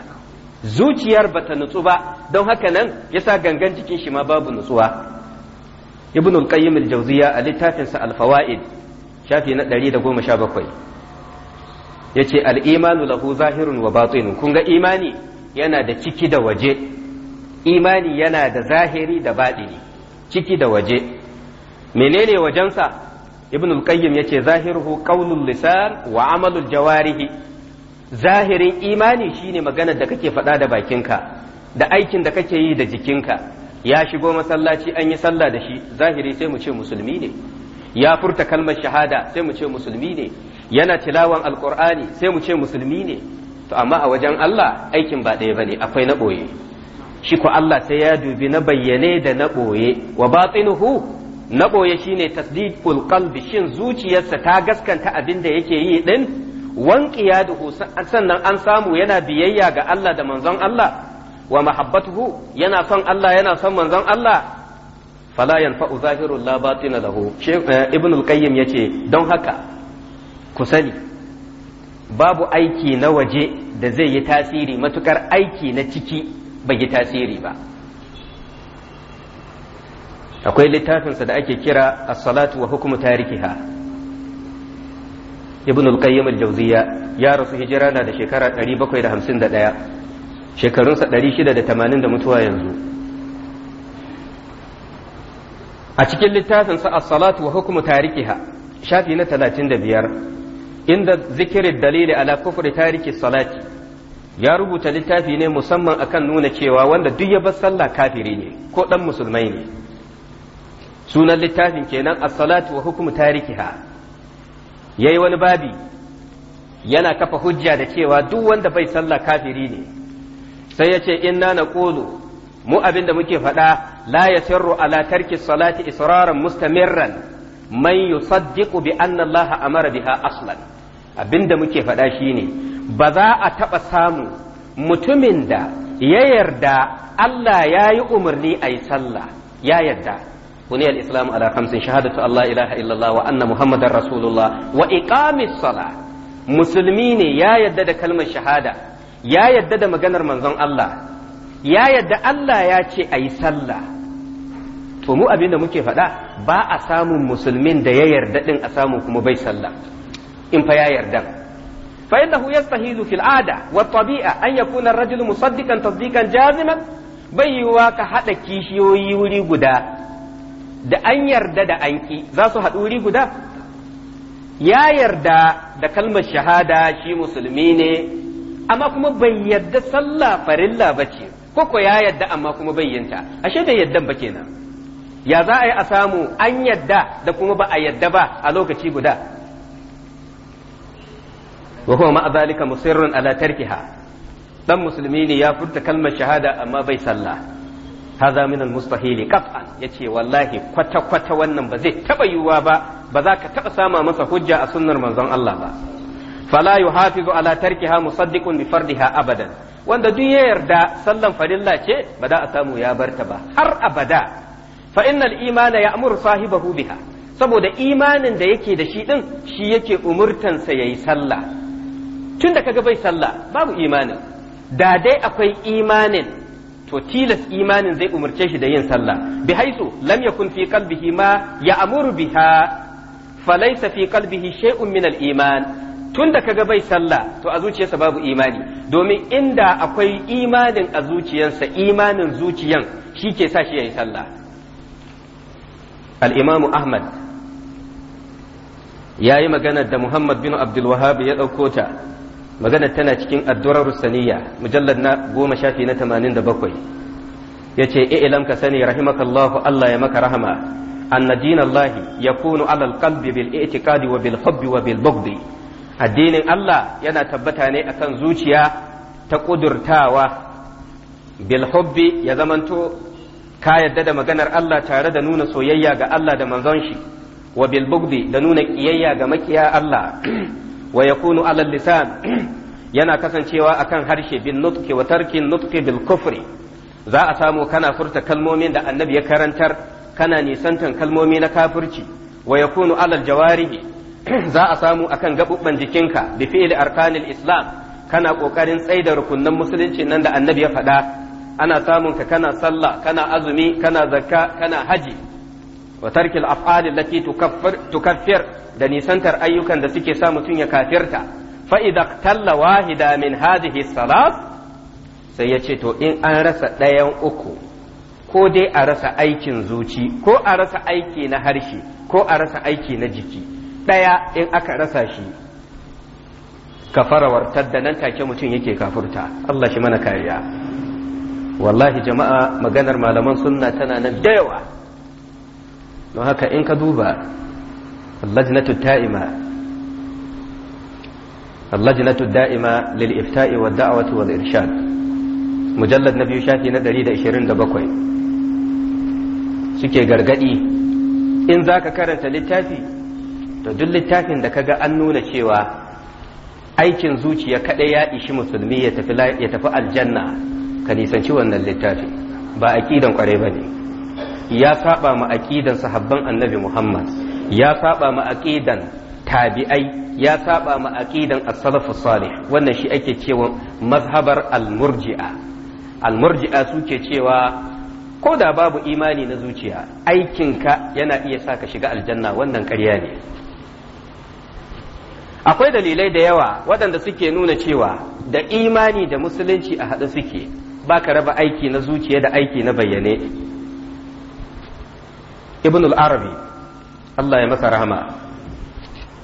zuciyar bata nutsu ba don haka nan yasa gangan jikin shi ma babu nutsuwa ibn al-qayyim al-jawziya a littafin sa al-fawaid shafi na 117 yace al-imanu lahu zahirun wa batinun kun ga imani yana da ciki da waje imani yana da zahiri da batini ciki da waje menene wajensa ibn al-qayyim yace zahiruhu qawlul lisan wa amalul jawarihi zahirin imani shine maganar da kake faɗa da bakinka da aikin da kake yi da jikinka ya shigo masallaci an yi sallah da shi zahiri sai mu ce musulmi ne ya furta kalmar shahada sai mu ce musulmi ne yana tilawan alqur'ani sai mu ce musulmi ne to amma a wajen Allah aikin ba ɗaya bane akwai na ɓoye shi ko Allah sai ya dubi na bayyane da na ɓoye wa batinuhu na ɓoye shine tasdiqul qalbi shin zuciyarsa ta gaskanta abin da yake yi din wanqiyaduhu sannan an samu yana biyayya ga Allah da manzon Allah wa mahabbatuhu yana son Allah yana son manzon Allah fala yanfa'u zahirul la batina lahu eh, ibn al-qayyim yace don haka ku sani babu aiki na waje da zai yi tasiri matukar aiki na ciki bai yi tasiri ba akwai littafinsa da ake kira as-salatu wa hukmu tarikiha ibn al-qayyim al-jawziya ya rasu hijira na da shekara 751 shekarunsa 680 da mutuwa yanzu a cikin littafinsa as-salatu wa hukmu tarikiha shafi na 35 inda zikiri dalili ala kufri tariki salati ya rubuta littafi ne musamman akan nuna cewa wanda duk ya bar sallah kafiri ne ko dan musulmai ne sunan littafin kenan as-salatu wa hukmu tarikiha yayi wani babi yana kafa hujja da cewa duk wanda bai sallah kafiri ne sai ya ce inna na ƙulu mu abin da muke faɗa la ya sirru ala tarki salati israran mustamirran man yusaddiqu bi anna Allah amara biha aslan abin da muke faɗa shine ba za a taɓa samu mutumin da ya yarda Allah ya yi umarni a yi sallah ya yarda بني الإسلام على خمس شهادة الله إله إلا الله وأن محمد رسول الله musulmi ne ya yarda da kalmar shahada. ya yadda da maganar manzon Allah ya yadda Allah ya ce a yi sallah to mu abin da muke faɗa ba a samun musulmin da ya yarda ɗin a samu kuma bai sallah in fa ya yarda fa innahu yastahizu fil ada wa tabi'a an yakuna ar-rajul musaddiqan tasdiqan jaziman bai yiwa ka hada kishiyoyi wuri guda da an yarda da an ki za su haɗu wuri guda ya yarda da kalmar shahada shi musulmi ne amma kuma ban yadda sallah farilla ba ce koko ya yadda amma kuma bai yinta ashe bai yaddan ba kenan ya za a yi a samu an yadda da kuma ba a yadda ba a lokaci guda wa huwa ma'a zalika musirrun ala tarkiha dan musulmi ne ya furta kalmar shahada amma bai sallah hadha min al ya qat'an yace wallahi kwata kwata wannan ba zai taba yiwuwa ba ba za ka taba sama masa hujja a sunnar manzon Allah ba fala yuhafizu ala tarkiha musaddiqun bi fardiha abadan wanda duk ya yarda sallan farilla ce ba za a samu ya barta ba har abada fa innal imana ya'muru sahibahu biha saboda imanin da yake da shi din shi yake umurtansa yayi sallah tunda kaga bai sallah babu imanin da dai akwai imanin to tilas imanin zai umurce shi da yin sallah bi haisu lam yakun fi qalbihi ma ya'muru biha falaysa fi qalbihi shay'un min al-iman tun da kaga bai sallah to a zuciyarsa babu imani domin inda akwai imanin a zuciyarsa imanin zuciyan shi ke sa shi ya yi sallah al'imamu ahmad ya yi maganar da muhammad bin abdulwahab ya ɗauko ta maganar tana cikin addu'ar saniya mujallar na goma shafi na tamanin da bakwai ya ce ilam ka sani rahimakallahu allah ya maka rahama أن دين الله يكون على القلب wa bil وبالبغض addinin Allah yana tabbata ne akan zuciya ta ƙudurtawa bilhubbi ya zamanto ka yadda da maganar Allah tare da nuna soyayya ga Allah da manzon shi wa bilbugdi da nuna ƙiyayya ga makiya Allah wa yakunu alal lisan yana kasancewa akan harshe bin nutqi wa tarkin nutqi bil kufri za a samu kana furta kalmomin da annabi ya karantar kana nisantan kalmomi na kafirci wa kunu alal jawarihi za a samu akan gabubban jikinka bi fi'il arkanil islam kana ƙoƙarin tsaida rukunnan musulunci nan da annabi ya faɗa ana samun ka kana sallah kana azumi kana zakka kana haji wa tarkil af'al allati tukaffir tukaffir da nisantar ayyukan da suke sa mutum ya kafirta fa idza talla wahida min hadhihi salat sai ya ce to in an rasa ɗayan uku ko dai a rasa aikin zuci ko a rasa aiki na harshe ko a rasa aiki na jiki ɗaya in aka rasa shi kafarawar tadda nan take mutum yake kafurta Allah shi mana kariya wallahi jama'a maganar malaman sunna tana nan da yawa don haka in ka duba lajnatu ta'ima lajnatu da'ima lil ifta'i wad da'wati wal irshad mujallad na biyu shafi na 127 suke gargadi in zaka karanta littafi to duk littafin da kaga an nuna cewa aikin zuciya kaɗai ya ishi musulmi ya tafi aljanna ka nisanci wannan littafin ba aƙidan ƙwarai ba ne ya saba ma aƙidan sahabban annabi muhammad ya saba ma aƙidan tabi'ai ya saba ma aƙidan as-salafu salih wannan shi ake cewa mazhabar al-murji'a al-murji'a suke cewa ko da babu imani na zuciya aikinka yana iya sa ka shiga aljanna wannan ƙarya ne akwai dalilai da yawa waɗanda suke nuna cewa da imani da musulunci a haɗe suke ba ka raba aiki na zuciya da aiki na bayyane ibn al-arabi Allah ya masa rahama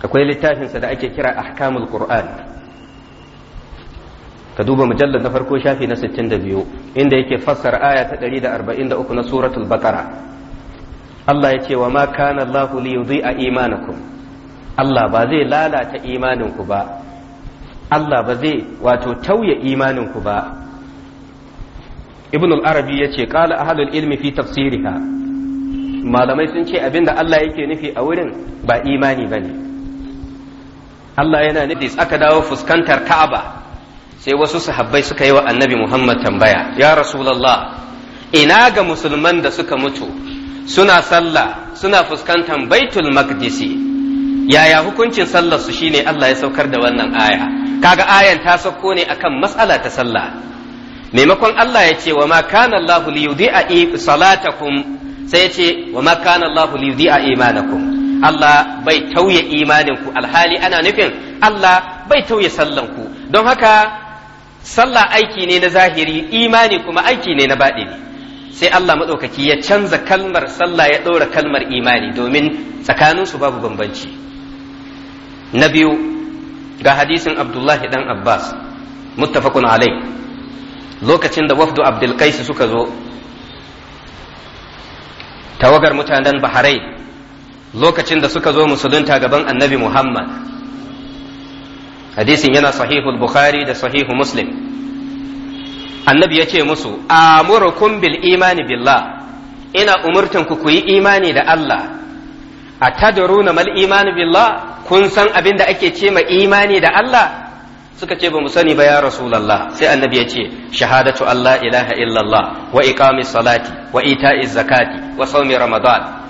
akwai littafinsa da ake kira ahkamul qur'an ka duba mujallar na farko shafi na 62 inda yake fassara aya ta 143 na suratul baqara Allah ya ce wa ma kana Allahu li imanakum Allah ba zai lalata imaninku ba Allah ba zai wato tauye imaninku ba ibn al-arabi ce ƙara ahalul ilmi fi tafsiriha malamai sun ce abinda Allah yake nufi a wurin ba imani ba ne. Allah yana nufi aka dawo fuskantar Ka'aba sai wasu sahabbai suka yi wa Annabi Muhammad tambaya ya Rasulallah, ina ga musulman da suka mutu suna sallah suna fuskantar Baitul Maqdisi yaya hukuncin sallar su shine Allah ya saukar da wannan aya kaga ayan ta sauko ne akan matsala ta sallah maimakon Allah ya ce wa ma kana Allah li yudi'a salatakum sai ya ce wa ma kana Allah li yudi'a imanakum Allah bai tauye imanin ku alhali ana nufin Allah bai tauye sallan ku don haka sallah aiki ne na zahiri imani kuma aiki ne na baɗini sai Allah maɗaukaki ya canza kalmar sallah ya ɗora kalmar imani domin tsakaninsu babu bambanci na biyu ga hadisin abdullahi dan abbas muttafaqun alai lokacin da wafdu abdulkais suka zo tawagar mutanen baharai lokacin da suka zo musulunta gaban annabi muhammad hadisin yana sahihul bukhari da sahihu muslim annabi ya ce musu amurukum bil imani billah ina umurtanku ku yi imani da allah a tadaruna mal imani billah kun san abin da ake ce ma imani da Allah suka ce ba mu sani ba ya rasulullah sai annabi ya ce shahadatu Allah ilaha illallah wa iqamis salati wa ita'iz zakati wa sawmi ramadan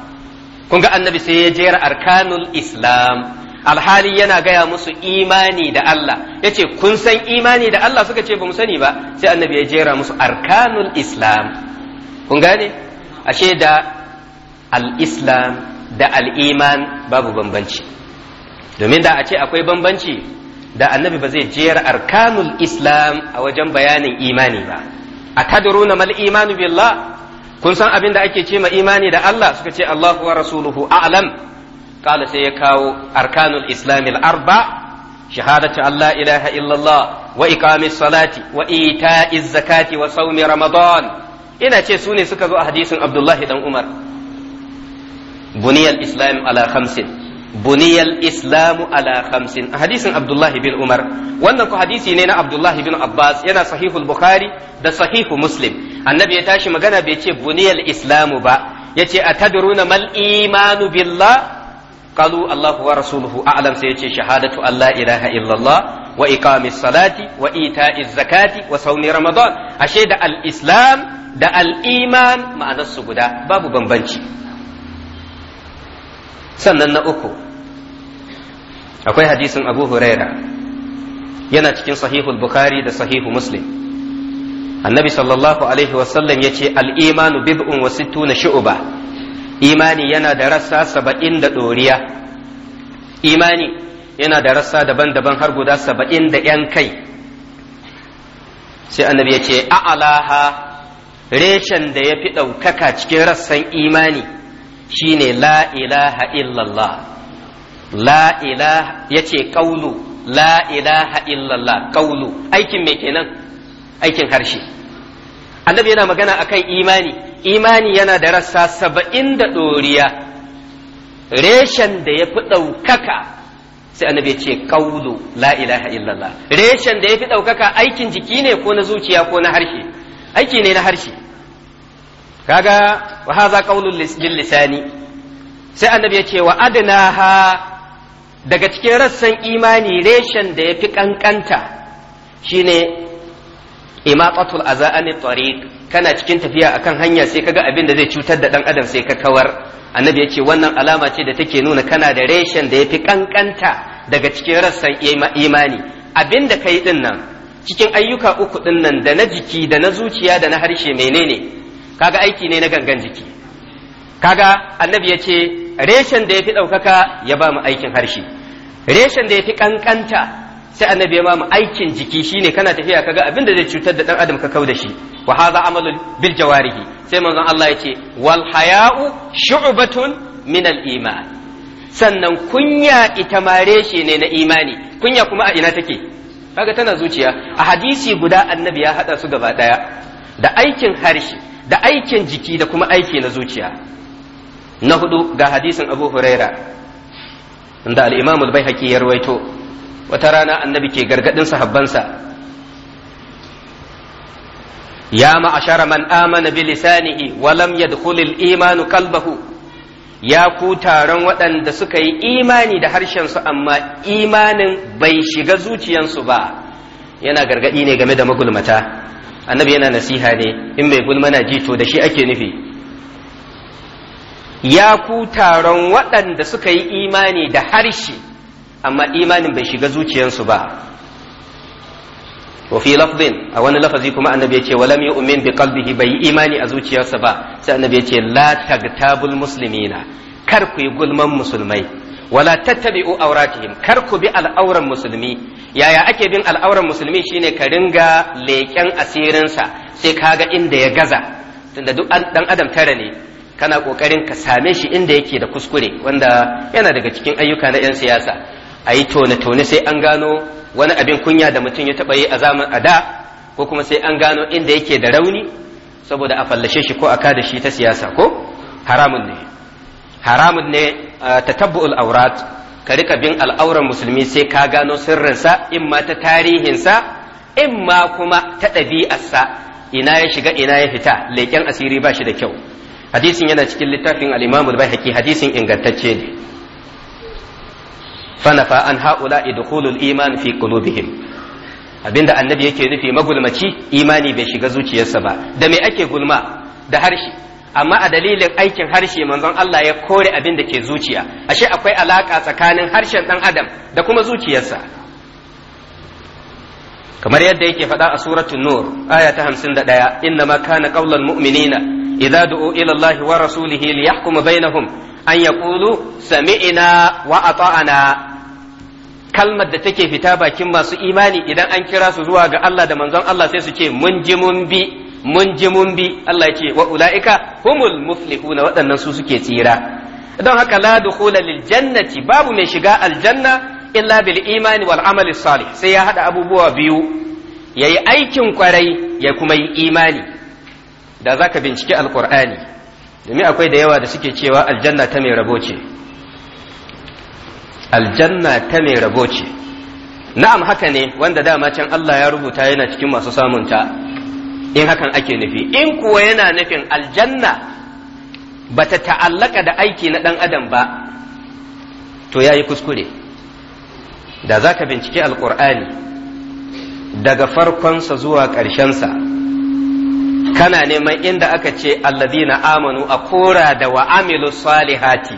kun ga annabi sai ya jera arkanul islam alhali yana gaya musu imani da Allah ya ce kun san imani da Allah suka ce ba mu sani ba sai annabi ya jera musu arkanul islam kun gane ashe da al-islam da al-iman babu bambanci domin da a ce akwai bambanci da annabi ba zai jiyar arkanul islam a wajen bayanin imani ba a na mal imanu billah kun san abin da ake ce ma imani da Allah suka ce Allahu wa rasuluhu a'lam kala sai kawo سيكاو أركان الإسلام الأربع شهادة أن لا إله إلا wa وإقام الصلاة وإيتاء wa saumi ramadan ina ce su ne suka zo a hadisin Abdullahi dan Umar buniyal islam ala khamsin buniyal islamu ala khamsin hadisin abdullahi bin umar wannan ku hadisi ne na abdullahi bin abbas yana sahihul bukhari da sahihu muslim annabi ya tashi magana bai ce buniyal islamu ba yace atadruna mal imanu billah qalu allahu wa rasuluhu a'lam ya ce shahadatu Allah ilaha illallah wa iqamis salati wa ita'iz zakati wa sawmi ramadan ashe da al islam da al iman ma'anarsu guda babu bambanci sannan na uku akwai hadisin abu huraira yana cikin sahihul bukhari da sahihu muslim annabi sallallahu alaihi wasallam ya ce al'imanu bib'un wa sittuna shu'uba imani yana da rasa saba'in da ɗoriya imani yana da rasa daban-daban har guda saba'in da ‘yan kai sai annabi ya ce a'alaha reshen da ya fi ɗaukaka cikin rassan imani shine la ilaha illallah la ilaha yace qaulu la ilaha illallah qaulu aikin me kenan aikin harshe annabi yana magana akan imani imani yana da rassa saba'in da ɗoriya reshen da ya fi ɗaukaka sai annabi ya ce qaulu la ilaha illallah reshen da ya fi ɗaukaka aikin jiki ne ko na zuciya ko na harshe aiki ne na harshe kaga wa haza qaulul lil lisani sai annabi ya ce wa adnaha daga cikin rassan imani reshen da yafi kankanta shine imaqatul azani tariq kana cikin tafiya akan hanya sai kaga abin da zai cutar da dan adam sai ka kawar annabi ya ce wannan alama ce da take nuna kana da reshen da yafi kankanta daga cikin rassan imani abin da kai din nan cikin ayyuka uku din da na jiki da na zuciya da na harshe menene kaga aiki ne na gangan jiki kaga annabi ya ce reshen da ya fi ɗaukaka ya ba mu aikin harshe reshen da ya fi ƙanƙanta sai annabi ya ba mu aikin jiki shine kana tafiya kaga abin da zai cutar da ɗan adam ka kau da shi wa haza amalu bil jawarihi sai manzon Allah ya ce wal haya'u shu'batun min al iman sannan kunya ita ma reshe ne na imani kunya kuma a ina take kaga tana zuciya a hadisi guda annabi ya hada su gaba daya da aikin harshe da aikin jiki da kuma aiki na zuciya na hudu ga hadisin abu huraira inda al'imamu bai haƙi ya ruwaito wata rana annabi ke gargaɗin sahabbansa ya ma'ashara man amana bi lisanihi wa lam yadkhulil imanu kalbahu ya ku taron waɗanda suka yi imani da harshen su, amma imanin bai shiga zuciyansu ba yana gargaɗi ne game da magulmata annabi yana nasiha ne in bai gulma na ji to da shi ake nufi ya ku taron waɗanda suka yi imani da harshe amma imanin bai shiga zuciyarsu ba wa fi a wani lafazi kuma annabi ya ce wa lam yu'min bi qalbihi bai imani a zuciyarsa ba sai annabi ya ce la tagtabul muslimina kar ku yi gulman musulmai wala tattabi'u auratihim kar ku bi al'auran musulmi yaya ake bin al'auran musulmi shine ka ringa leƙen asirinsa sai ka ga inda ya gaza tunda duk dan adam tara ne kana kokarin ka same shi inda yake da kuskure wanda yana daga cikin ayyuka na 'yan siyasa a yi tone-tone sai an gano wani abin kunya da mutum ya taɓa yi a zaman a da ko kuma sai an gano inda yake da rauni saboda a fallashe shi ko a kada shi ta siyasa ko haramun ne haramun ne tatabbu'ul aurat ka rika bin al'auran musulmi sai ka gano sirrinsa in ma ta tarihinsa in ma kuma ta ɗabi'arsa ina ya shiga ina ya fita leƙen asiri ba shi da kyau hadisin yana cikin littafin al-imamul baihaqi hadisin ingantacce ne fanafa an haula idkhulul iman fi qulubihim abinda annabi yake nufi magulmaci imani bai shiga zuciyarsa ba da me ake gulma da harshe amma a dalilin aikin harshe manzon Allah ya kore abin da ke zuciya ashe akwai alaka tsakanin harshen dan adam da kuma zuciyarsa kamar yadda yake faɗa a suratu nur aya ta 51 innama kana qaulal mu'minina idza du'u ila Allah wa rasulihi liyahkuma bainahum an yaqulu sami'na wa ata'na kalmar da take fita bakin masu imani idan an kira su zuwa ga Allah da manzon Allah sai su ce mun ji mun bi mun ji mun bi Allah ya ce wa ulaika humul muflihuna waɗannan su suke tsira don haka la dukhula lil jannati babu mai shiga aljanna illa bil imani wal amali salih sai ya hada abubuwa biyu yayi aikin kwarai ya kuma yi imani da zaka binciki alqur'ani domin akwai da yawa da suke cewa aljanna ta mai rabo ce aljanna ta mai rabo ce na'am haka ne wanda dama can Allah ya rubuta yana cikin masu samunta in hakan ake nufi in kuwa yana nufin aljanna ba ta ta'allaka da aiki na ɗan adam ba to ya yi kuskure da za ka binciki alƙur'ani daga farkonsa zuwa ƙarshensa kana neman inda aka ce alladina amanu a kora da wa amilu salihati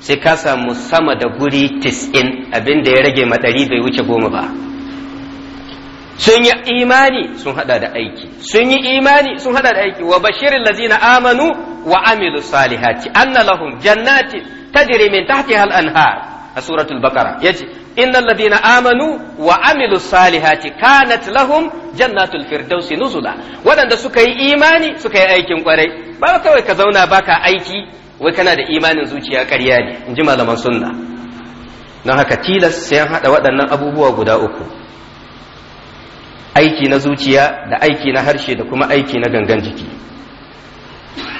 sai ka samu sama da guri tis'in abin da ya rage maɗari bai wuce goma ba sun yi imani sun hada da aiki sun yi imani sun hada da aiki wa bashirin lazina amanu wa amilu salihati anna lahum jannatin tajri min tahtiha al-anhar a suratul baqara yace innal ladina amanu wa amilu salihati kanat lahum jannatul firdausi nuzula wadanda suka yi imani suka yi aikin kwarai ba kawai ka zauna baka aiki wai kana da imanin zuciya karya ne in ji malaman sunna don haka tilas sai an hada waɗannan abubuwa guda uku aiki na zuciya da aiki na harshe da kuma aiki na gangan jiki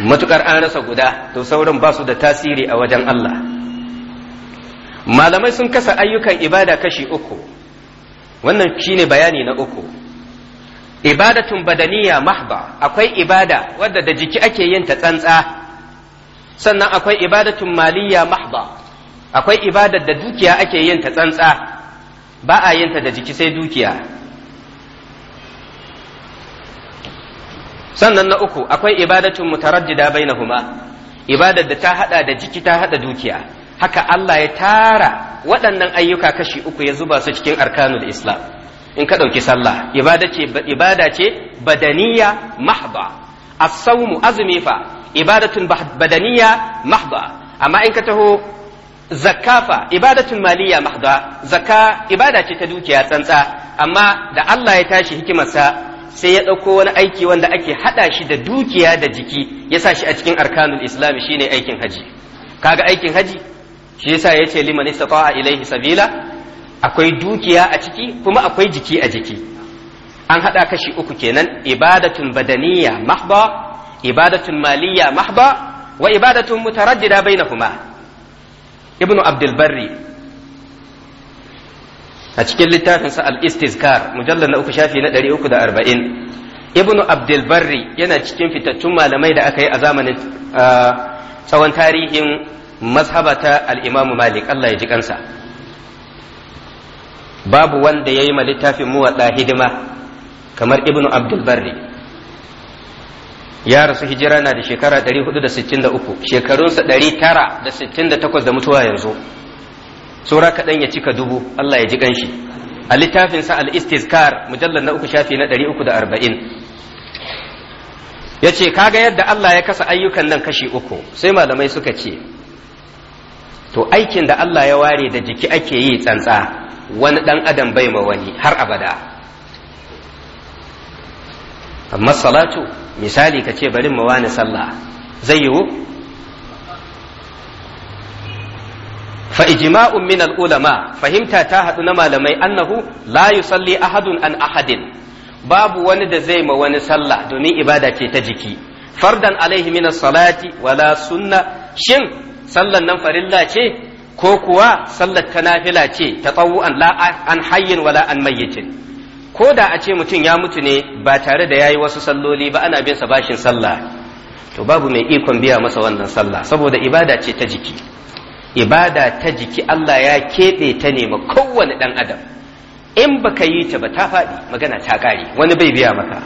matukar an rasa guda to sauran ba su da tasiri a wajen Allah malamai sun kasa ayyukan ibada kashi uku wannan shine bayani na uku ibadatun badaniya mahba akwai ibada wadda da jiki ake yin ta tsantsa sannan akwai ibadatun maliyya mahba akwai ibadar da dukiya ake yin ta tsantsa ba a yin ta da jiki sai dukiya sannan na uku akwai ibadatun mutaraddida bainahuma ibadar da ta hada da jiki ta hada dukiya haka Allah ya tara waɗannan ayyuka kashi uku ya zuba su cikin arkanul islam in ka ɗauki sallah ibada ce ibada ce badaniya mahba as-sawmu azumi fa ibadatun badaniya mahba amma in ka taho zakafa ibadatun maliya mahda zakka ibada ce ta dukiya tsantsa amma da Allah ya tashi hikimarsa sai ya ɗauko wani aiki wanda ake haɗa shi da dukiya da jiki ya sa shi a cikin arkanul islam shine aikin haji kaga aikin haji shi yasa ya ce liman istata'a ilaihi sabila akwai dukiya a ciki kuma akwai jiki a jiki an haɗa kashi uku kenan ibadatun badaniya mahba ibadatun maliya mahba wa ibadatun mutaraddida bainahuma ibnu abdul barri a cikin littafinsa al-istizkar mujallar na uku shafi na 340 ibnu abdulbarri yana cikin fitattun malamai da aka yi a zamanin tsawon tarihin mazhabata al-imamu malik Allah ya ji kansa babu wanda ya yi ma littafin muwaɗa hidima kamar ibnu abdulbarri ya rasu hijira na da shekara 463 shekarunsa 968 da mutuwa yanzu saura kaɗan ya cika dubu Allah ya ji ganshi a littafinsa al-istizkar mujallar na uku shafi na ɗari uku da arba'in ya ce kaga yadda Allah ya kasa ayyukan nan kashi uku sai malamai suka ce to aikin da Allah ya ware da jiki ake yi tsantsa wani ɗan adam bai ma wani har abada amma salatu misali ka ce bari mu wani sallah zai yiwu fa ijma'un min ulama fahimta ta hadu na malamai annahu la yusalli ahadun an ahadin babu wani da zai ma wani sallah domin ibada ce ta jiki fardan alaihi min salati wala sunna shin sallan nan farilla ce ko kuwa sallar ta nafila ce ta an la an hayyin wala an mayyitin ko da a ce mutum ya mutu ne ba tare da yayi wasu salloli ba ana bin sa bashin sallah to babu mai ikon biya masa wannan sallah saboda ibada ce ta jiki ibada ta jiki Allah ya keɓe ta nema kowane ɗan adam in baka yi ta ba ta faɗi magana ta ƙare wani bai biya maka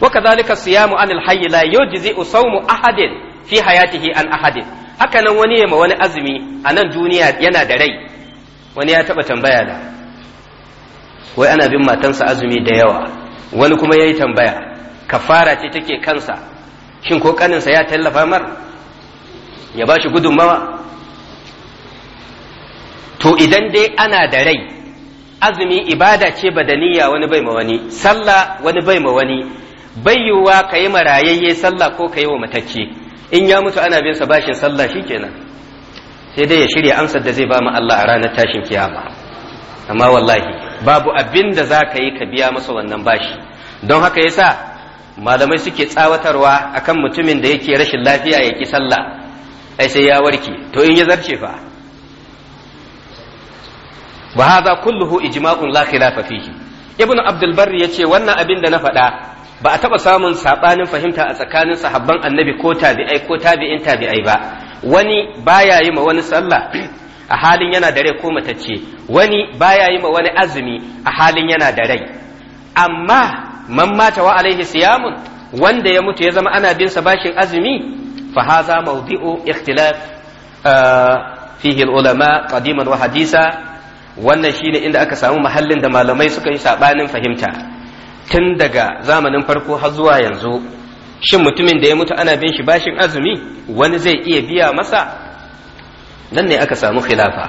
wa kadhalika siyamu anil hayy la yujzi usawmu ahadin fi hayatihi an ahadin haka nan wani yema wani azumi a nan duniya yana da rai wani ya taɓa tambaya da wai ana bin matansa azumi da yawa wani kuma ya yi tambaya kafara ce take kansa shin ko kaninsa ya tallafa mar ya bashi shi gudunmawa to idan dai ana da rai azumi ibada ce badaniya wani bai ma wani sallah wani bai ma wani bai yiwuwa ka yi marayayye sallah ko ka yi wa matacce in ya mutu ana bin sa bashin sallah shikenan sai dai ya shirya amsar da zai ba mu Allah a ranar tashin kiyama amma wallahi babu abin da za ka yi ka biya masa wannan bashi don haka yasa malamai suke tsawatarwa akan mutumin da yake rashin lafiya ya ki sallah ai sai ya warke to in ya zarce fa wa hadha kulluhu ijma'un la khilafa fihi ibnu Abdulbarri ya ce wannan abin da na faɗa ba a taɓa samun saɓanin fahimta a tsakanin sahabban annabi ko tabi'ai ko tabi'in tabi'ai ba wani baya yi ma wani sallah a halin yana da rai ko matacce wani baya yi ma wani azumi a halin yana da rai amma man mata wa alaihi siyamun wanda ya mutu ya zama ana bin sa bashin azumi fa haza mawdi'u ikhtilaf uh, fihi al-ulama qadiman wa hadisa wannan shine inda aka samu mahallin da malamai suka yi sabanin fahimta tun daga zamanin farko har zuwa yanzu shin mutumin da ya mutu ana bin shi bashin azumi wani zai iya biya masa nan ne aka samu khilafa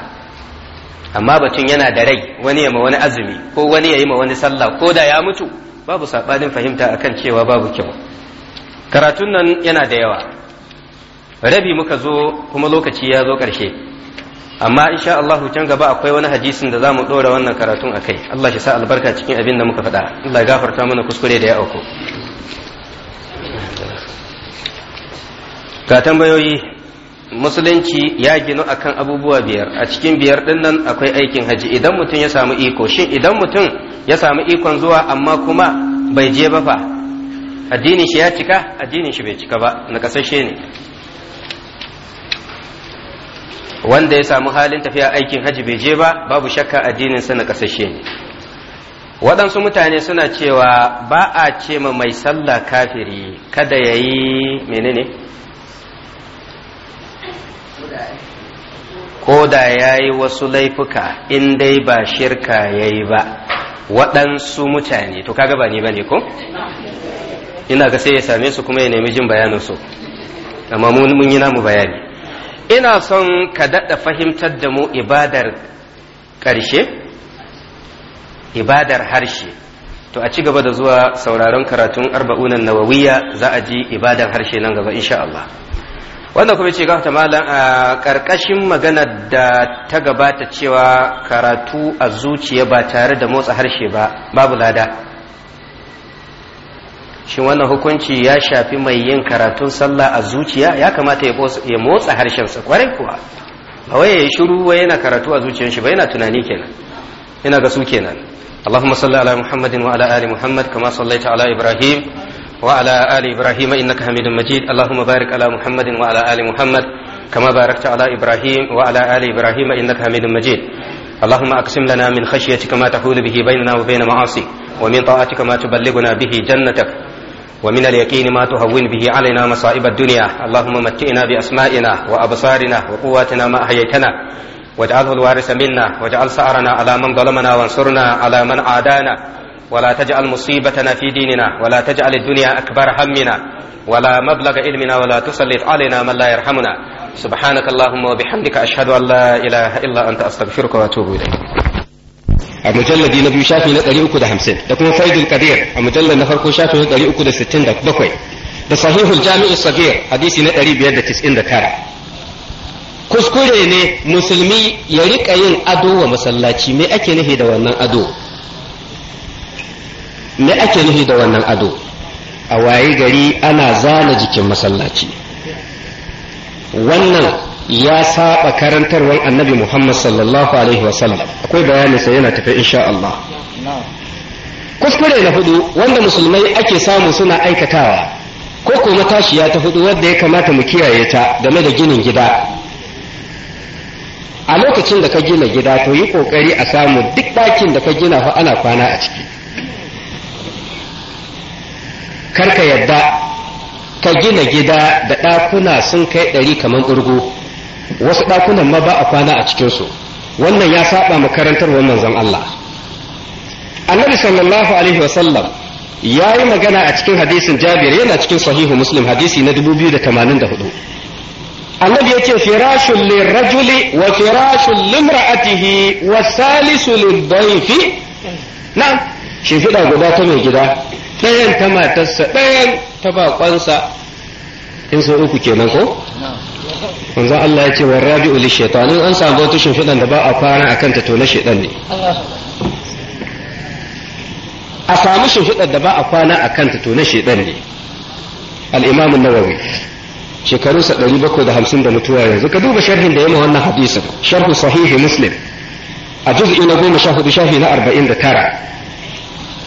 amma batun yana da rai wani ya ma wani azumi ko wani ya yi ma wani sallah ko da ya mutu babu sabanin fahimta akan cewa babu kyau karatun nan yana da yawa rabi muka zo kuma lokaci ya zo ƙarshe amma insha Allah can gaba akwai wani hadisin da zamu dora wannan karatun akai Allah ya sa albarka cikin abin da muka faɗa Allah ya gafarta mana kuskure da ya auku ga tambayoyi musulunci ya ginu akan abubuwa biyar a cikin biyar din nan akwai aikin haji idan mutum ya samu iko shin idan mutum ya samu ikon zuwa amma kuma bai je ba fa addinin shi ya cika addinin shi bai cika ba na kasashe ne wanda ya samu halin tafiya aikin haji bai je ba babu shakka addinin sa na kasashe ne waɗansu mutane suna cewa ba a ce ma mai sallah kafiri kada ya yi menene ko da ya yi wasu laifuka in dai ba shirka ya yi ba waɗansu mutane to kaga ba ni ba ne ko ina ga sai ya same su kuma ya nemi jin bayaninsu amma mun yi namu bayani ina son ka daɗa fahimtar da mu ibadar ƙarshe ibadar harshe to a ci gaba da zuwa sauraron karatun arba'unan nawawiya za a ji ibadar harshe nan gaba insha Allah wannan kuma ce gafta malam a ƙarƙashin magana da ta gabata cewa karatu a zuciya ba tare da motsa harshe ba babu lada shi wannan hukunci ya shafi mai yin karatun sallah a zuciya ya kamata ya motsa harshensa kwarai kuwa ba wai ya yi shiru wai yana karatu a zuciyar shi ba yana tunani kenan yana ga su kenan اللهم صل على محمد وعلى آل محمد كما صليت على إبراهيم وعلى آل إبراهيم إنك حميد مجيد اللهم بارك على محمد وعلى آل محمد كما باركت على إبراهيم وعلى آل إبراهيم إنك حميد مجيد اللهم أقسم لنا من خشيتك ما تحول به بيننا وبين معاصيك ومن طاعتك ما تبلغنا به جنتك ومن اليقين ما تهون به علينا مصائب الدنيا اللهم متئنا بأسمائنا وأبصارنا وقواتنا ما أحييتنا واجعله الوارث منا واجعل سعرنا على من ظلمنا وانصرنا على من عادانا ولا تجعل مصيبتنا في ديننا ولا تجعل الدنيا أكبر همنا ولا مبلغ علمنا ولا تسلط علينا من لا يرحمنا سبحانك اللهم وبحمدك أشهد أن لا إله إلا أنت أستغفرك وأتوب إليك a mujalladi na biyu shafi na 350 da kuma faidul kadir a mujallar na farko shafi na 367 da sahihul jami'u sagir hadisi na 599 kuskure ne musulmi ya rika yin ado wa masallaci me ake nufi da wannan ado me ake nufi da wannan ado a waye gari ana zana jikin masallaci wannan ya saba karantarwar annabi Muhammad sallallahu alaihi wasallam akwai bayanin sa yana tafi insha Allah kuskure na hudu wanda musulmai ake samu suna aikatawa ko kuma tashiya ta hudu wanda ya kamata mu kiyaye ta game da ginin gida a lokacin da ka gina gida to yi kokari a samu duk ɗakin da ka gina fa ana kwana a ciki karka yadda ka gina gida da ɗakuna sun kai ɗari kamar urgu wasu ɗakunan ma ba a kwana a cikinsu wannan ya saba makarantar wannan zan Allah annabi sallallahu alaihi sallam ya yi magana a cikin hadisin jabir yana cikin sahihu muslim hadisi na 2084 annabi ya ce firashun wa firashun limra'atihi wa salisu lidhaifi na shimfiɗa guda ta mai gida ɗayan ta matarsa ɗayan ta baƙonsa in sau uku kenan ko manzo Allah ya ce wa rabi'u li shaytan an samu wata shimfiɗan da ba a kwana akan ta to na shaytan ne a samu shimfiɗar da ba a kwana akan ta to na shaytan ne al-imam an-nawawi shekarunsa 750 da mutuwa yanzu ka duba sharhin da ya yamma wannan hadisin sharhu sahihi muslim a juz'i na goma sha hudu shafi na arba'in da tara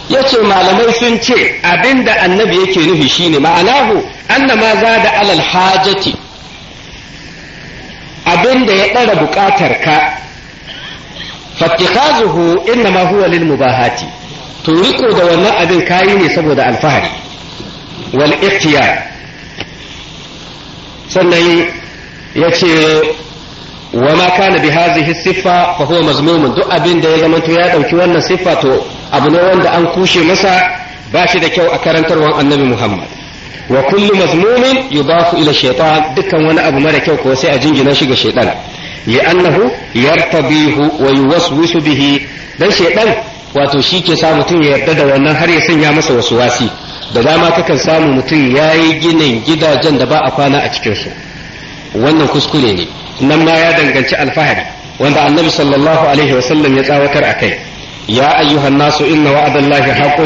ya ce malamai sun ce abinda annabi yake nufi shine ma'anahu Annama ma za da alal hajati abin da ya ɗara buƙatar ka fatikazuhu inna ma huwa lil mubahati to riko da wannan abin kayi ne saboda alfahari wal ikhtiyar sannan ya ce wa ma kana bi hadhihi siffa fa huwa mazmumun duk abin da ya zamanto ya dauki wannan siffa to abu ne wanda an kushe masa ba shi da kyau a karantarwar annabi Muhammad wa kullu mazmumin yudafu ila shaytan dukkan wani abu mara kyau ko sai a jingina shi ga shaytan li'annahu yartabihu wa yuwaswisu bihi dan shaytan wato shi ke sa mutum ya yarda da wannan har ya sanya masa wasu wasi da dama kakan samu mutum ya yi ginin gidajen da ba a kwana a cikinsu wannan kuskure ne nan ma ya danganci alfahari wanda annabi sallallahu alaihi wasallam ya tsawatar a kai يا أيها الناس إن وعد الله حق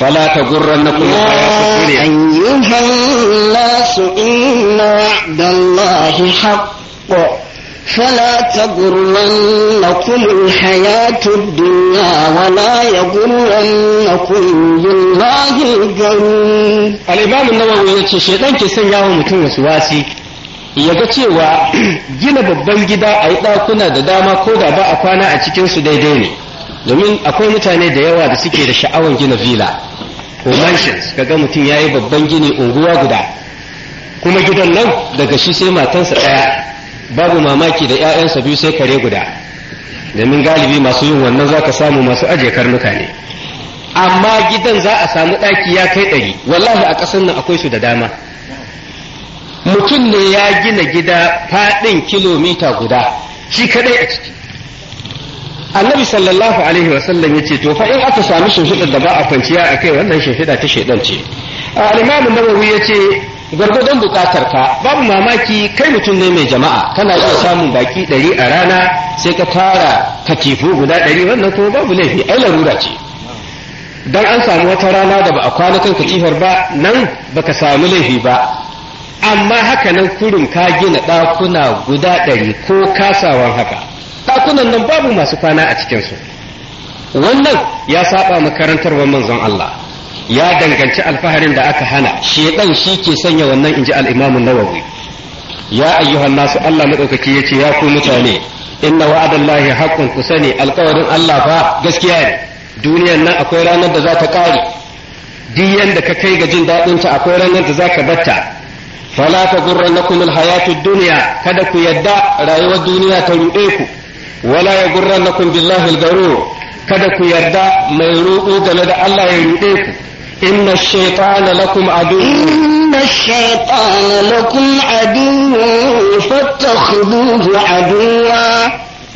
فلا تغرنكم الحياة الدنيا يا أيها الناس إن وعد الله حق فلا تغرنكم الحياة الدنيا ولا يغرنكم بالله الغرور الإمام النووي yace shedan ke sanya wa mutum wasuwasi ya cewa gina babban gida a yi ɗakuna da dama ko da ba a kwana a cikinsu daidai ne domin akwai mutane da yawa da suke da sha'awan gina villa ko mansions ga mutum ya yi babban gini unguwa guda kuma gidan nan daga shi sai matansa ɗaya babu mamaki da 'ya'yansa biyu sai kare guda domin galibi masu yin wannan za ka samu masu ajiye karnuka ne amma gidan za a samu ɗaki ya kai ɗari wallahi a ƙasar nan akwai su da dama mutum ne ya gina gida faɗin kilomita guda shi kaɗai a ciki annabi sallallahu alaihi wasallam ya ce to fa in aka sami shimfiɗa da ba a kwanciya a kai wannan shimfiɗa ta shaidan ce al-imam nawawi ya ce gwargwadon buƙatar ka babu mamaki kai mutum ne mai jama'a kana iya samun baki ɗari a rana sai ka tara katifu guda ɗari wannan kuma babu laifi ai larura ce dan an samu wata rana da ba a kwana kan katifar ba nan baka samu laifi ba amma haka nan kurin ka gina ɗakuna guda ɗari ko kasawan haka ɗakunan nan babu masu kwana a cikinsu wannan ya saba wa manzon Allah ya danganci alfaharin da aka hana shedan shi ke sanya wannan inji al'imamin imam nawawi ya ayyuhan nasu Allah ya ɗaukaki ya ku mutane inna wa'adallahi haqqun ku sani alƙawarin Allah fa gaskiya ne duniyar nan akwai ranar da za ta ƙare diyan da ka kai ga jin daɗin ta akwai ranar da za ka batta fala kuma hayatun duniya kada ku yadda rayuwar duniya ta ruɗe ku ولا يغرنكم بالله الغرور kada ku yarda mai ruɗu game da Allah ya ruɗe ku إن الشيطان لكم عدو إن الشيطان لكم عدو فاتخذوه عدوا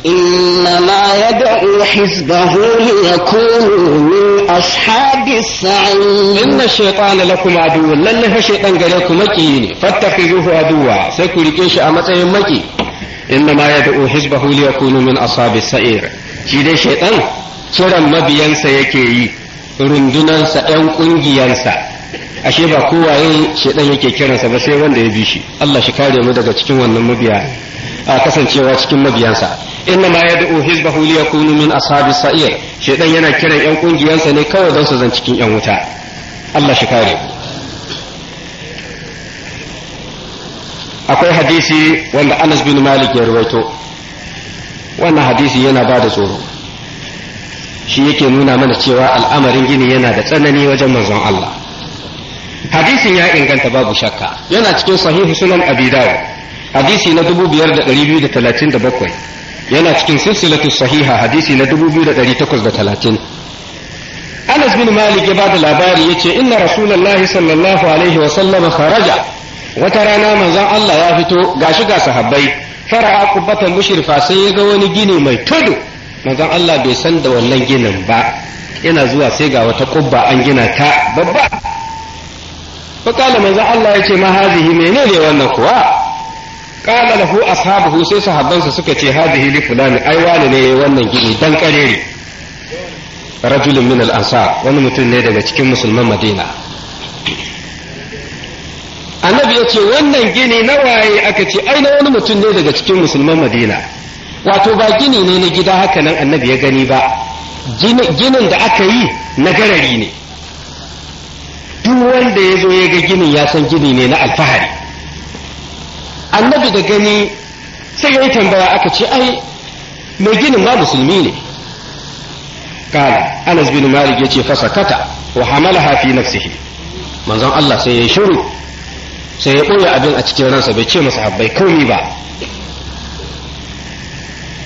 إنما يدعو حزبه ليكونوا من أصحاب السعير إن الشيطان لكم عدو لن الشيطان قال لكم مكيني فاتخذوه عدوا سيكون لكيش أمتهم مكي Inda ma ya innama yad'u hizbahu liyakunu min ashabi sa'ir shi dai shaytan kiran mabiyansa yake yi rundunar sa ɗan ƙungiyansa ashe ba kowaye shaidan yake kiransa ba sai wanda ya bi shi Allah shi kare mu daga cikin wannan mabiya a kasancewa cikin mabiyansa inda ma ya yad'u hizbahu liyakunu min ashabi sa'ir shaidan yana kiran ƴan ƙungiyansa ne kawai don su zan cikin ƴan wuta Allah shi kare mu akwai hadisi wanda Anas bin Malik ya rawaito wannan hadisi yana ba da tsoro shi yake nuna mana cewa al'amarin gini yana da tsanani wajen manzon Allah hadisin ya inganta babu shakka yana cikin sahihu sunan abi dawud hadisi na 2237 yana cikin silsilatu sahiha hadisi na 2830 Anas bin Malik ya ba da labari yace inna Rasulullahi sallallahu alaihi wa sallama kharaja wata rana manzon Allah ya fito ga shi ga sahabbai fara'a kubbatan mushrifa sai ya ga wani gini mai tudu manzon Allah bai san da wannan ginin ba yana zuwa sai ga wata kubba an gina ta babba fakala manzon Allah ya ce ma hazihi menene wannan kuwa kala lahu ashabuhu sai sahabbansa suka ce hazihi li fulani ai wani ne wannan gini dan karere rajulun min al-ansar wani mutum ne daga cikin musulman Madina annabi ya ce wannan gini na waye aka ce ai na wani mutum ne daga cikin musulman madina wato ba gini ne na gida haka nan annabi ya gani ba ginin da aka yi na garari ne duk wanda ya zo ya ga ginin ya san gini ne na alfahari annabi da gani sai ya yi tambaya aka ce ai mai ginin ma musulmi ne kala anas bin malik ya ce fasakata wa hamalaha fi nafsihi manzon Allah sai ya shiru sai ya ɓoye abin a cikin ransa bai ce masa habbai komi ba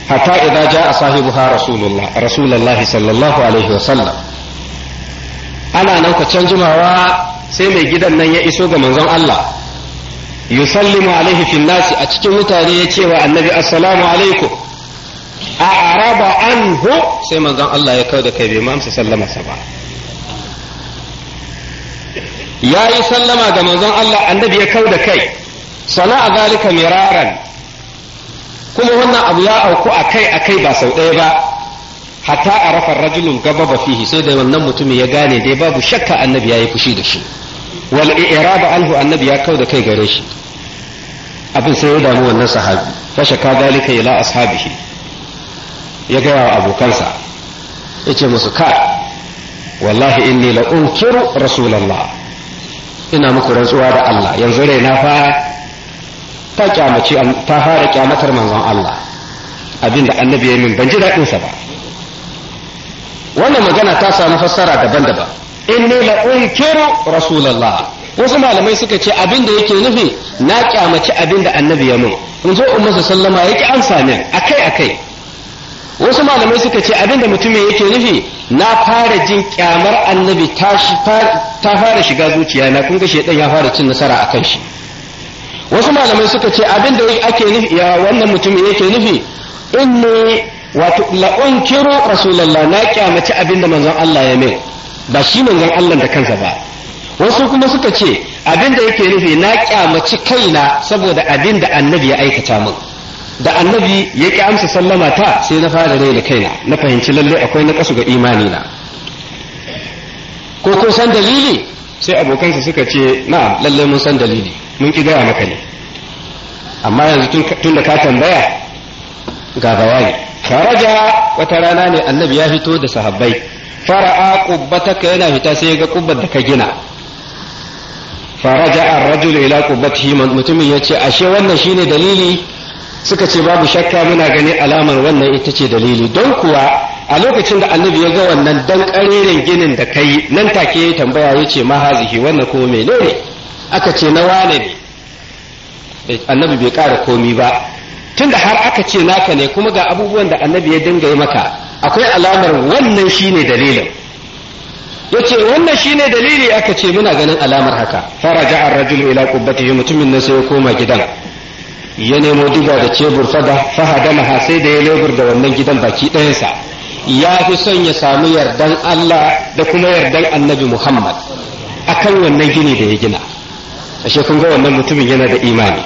hatta idan ja a sahibuha rasulullahi sallallahu alaihi sallam ana nan can jimawa sai mai gidan nan ya iso ga manzon Allah yusallimu alaihi fin nasi a cikin mutane ya ce wa annabi assalamu alaikum a araba anhu sai manzon Allah ya kau da kai bai ma amsa sallama sa ba ya yi sallama ga manzon Allah annabi ya kau da kai sana'a zalika miraran kuma wannan abu ya auku a kai a kai ba sau ɗaya ba hatta rafar rajulun gaba fihi sai da wannan mutumin ya gane dai babu shakka annabi ya yi fushi da shi wal i'rab anhu annabi ya kau da kai gare shi abin sai ya damu wannan sahabi fa shakka zalika ila ashabihi ya gaya abokansa yace musu ka wallahi inni la unkiru rasulullah ina muku rantsuwa da Allah yanzu na fa ta kyamaci ta fara kyamatar manzon Allah abinda annabi ya min ban ji daɗin sa ba wannan magana ta samu fassara daban-daban inni la unkiru rasulullah wasu malamai suka ce abinda yake nufi na kyamaci abinda annabi ya min in zo ummu sallama yake amsa min akai akai wasu malamai suka ce abinda mutumin yake nufi na fara jin kyamar annabi ta fara shiga zuciya na kun shaidan ya fara cin nasara a kan shi wasu malamai suka ce abinda ake nufi ya wannan mutumin yake nufi in ne wato kiro rasulallah na kyamaci abinda manzon Allah ya mai ba shi manzon Allah da kansa ba wasu kuma suka ce abinda yake nufi na kyamaci kaina saboda abinda annabi ya aikata min da annabi ya ki amsa sallama ta sai na fara rai da kaina na fahimci lalle akwai na kasu ga imani na ko kun san dalili sai abokansa suka ce na lalle mun san dalili mun ki gaya maka ne amma yanzu tun da ka tambaya ga bayani faraja wata rana ne annabi ya fito da sahabbai fara'a ka yana fita sai ga kubbar da ka gina faraja ar-rajul ila qubbatihi mutumin ce ashe wannan shine dalili suka ce babu shakka muna ganin alamar wannan ita ce dalili don kuwa a lokacin da annabi ya ga wannan dan karerin ginin da kai nan take ya tambaya ya ce mahazihi wannan ko menene aka ce na wane ne eh, annabi bai ƙara komi ba tunda har aka ce naka ne kuma ga abubuwan da annabi ya dinga yi maka akwai alamar wannan shine dalilin ya ce wannan shine dalili aka ce muna ganin alamar haka fara ar-rajulu ila qubbatihi mutumin nan sai ya koma gidan ya nemo diga da cebur fahada maha sai da ya lebur da wannan gidan baki ɗayansa ya fi son ya samu yardan Allah da kuma yardan annabi Muhammad akan wannan gini da ya gina ashe kun ga wannan mutumin yana da imani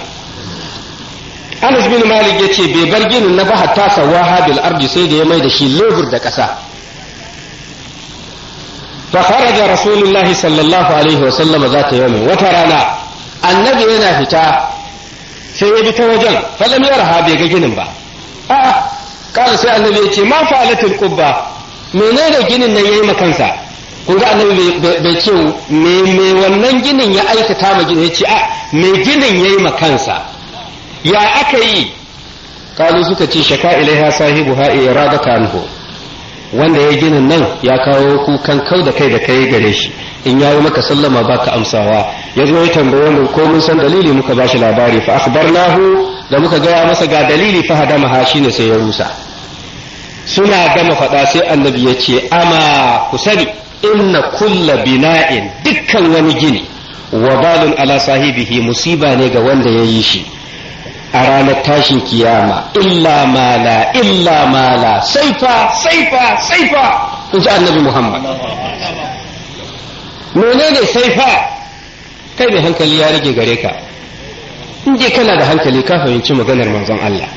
Anas bin Malik ya ce bai bar ginin na baha ta sawaha habil ardi sai da ya mai da shi lebur da ƙasa fa kharaja rasulullahi sallallahu alaihi wa sallama zata yawmi wata rana annabi yana fita sai ya bi ta wajen falam ha bai ga ginin ba a'a kala sai annabi ya ce ma fa'alatul qubba menene ginin nan yayi makansa kun ga annabi bai ce me me wannan ginin ya aikata ma ginin ya ce a me ginin yayi kansa? ya aka yi kalu suka ce shaka ilaiha sahibu iradaka anhu wanda ya ginin nan ya kawo kukan kau da kai da kai gare shi in yayi maka sallama baka amsawa ya zo ya tambaye mu ko mun san dalili muka ba shi labari fa akhbarnahu da muka gaya masa ga dalili fa hadamaha shine sai ya rusa suna gama faɗa sai annabi ya ce ama ku sani inna kulla bina'in dukkan wani gini wabalun ala sahibihi musiba ne ga wanda ya yi shi a ranar tashin kiyama illa mala illa mala saifa saifa saifa in ji annabi muhammad menene saifa kai mai hankali ya rage gare ka in je kana da hankali ka fahimci maganar manzon Allah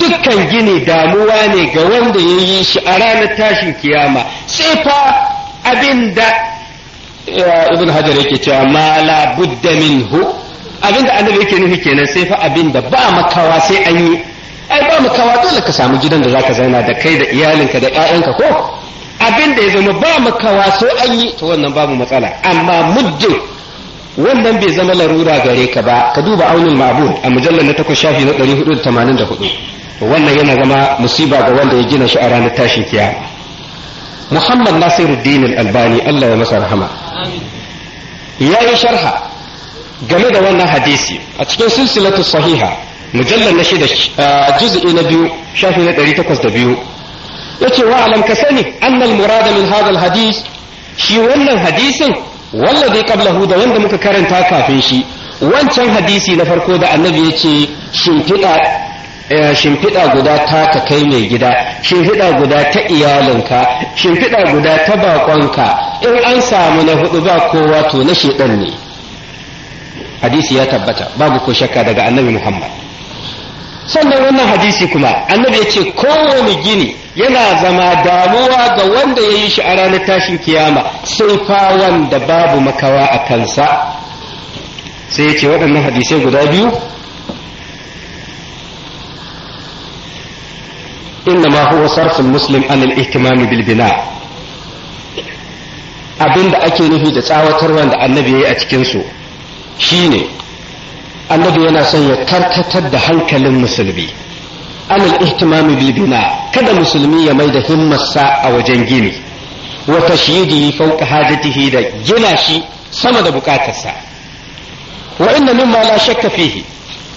dukkan gini damuwa ne ga wanda ya yi shi a ranar tashin kiyama sai fa abin da eh, ibn hajar yake cewa ma la budda minhu abin da annabi yake nufi kenan sai fa abin da ba makawa sai an yi ai ba makawa dole ka samu gidan da zaka zauna da kai da iyalinka da ƴaƴanka ko abin da ya zama ba makawa sai an yi to wannan babu matsala amma muddin wannan bai zama larura gare ka ba ka duba aunin ma'bud a mujallar na takwas shafi na 484 wannan yana zama musiba ga wanda ya gina shi a ranar tashin kiyama muhammad nasiruddin albani Allah ya masa rahama ya yi sharha game da wannan hadisi a cikin silsilatu sahiha mujallar na shida juz'i na biyu shafi na 802 yace wa alam ka sani annal murada min hadha hadis shi wannan hadisin wallazi qablahu da wanda muka karanta kafin shi wancan hadisi na farko da annabi ya ce shimfiɗa eh, guda ta ka kai mai gida shimfiɗa guda ta iyalinka shimfiɗa guda ta bakonka in an samu na hudu ba kowa to na shedan ne hadisi ya tabbata babu ko shakka daga annabi muhammad sannan wannan hadisi kuma annabi ya ce kowane gini yana zama damuwa ga wanda ya yi shi a ranar tashin kiyama sai fa wanda babu makawa a kansa sai ya ce waɗannan hadisai guda biyu huwa هو muslim an al-ihtimam bil bina abinda ake nufi da tsawatarwa da annabi ya yi a cikinsu shine annabi yana son ya tartatar da hankalin musulmi alal ihtimami bibina kada musulmi ya mai da himmarsa a wajen gini wa tashyidi fawqa hajatihi da gina shi sama da bukatarsa wa inna mimma la shakka fihi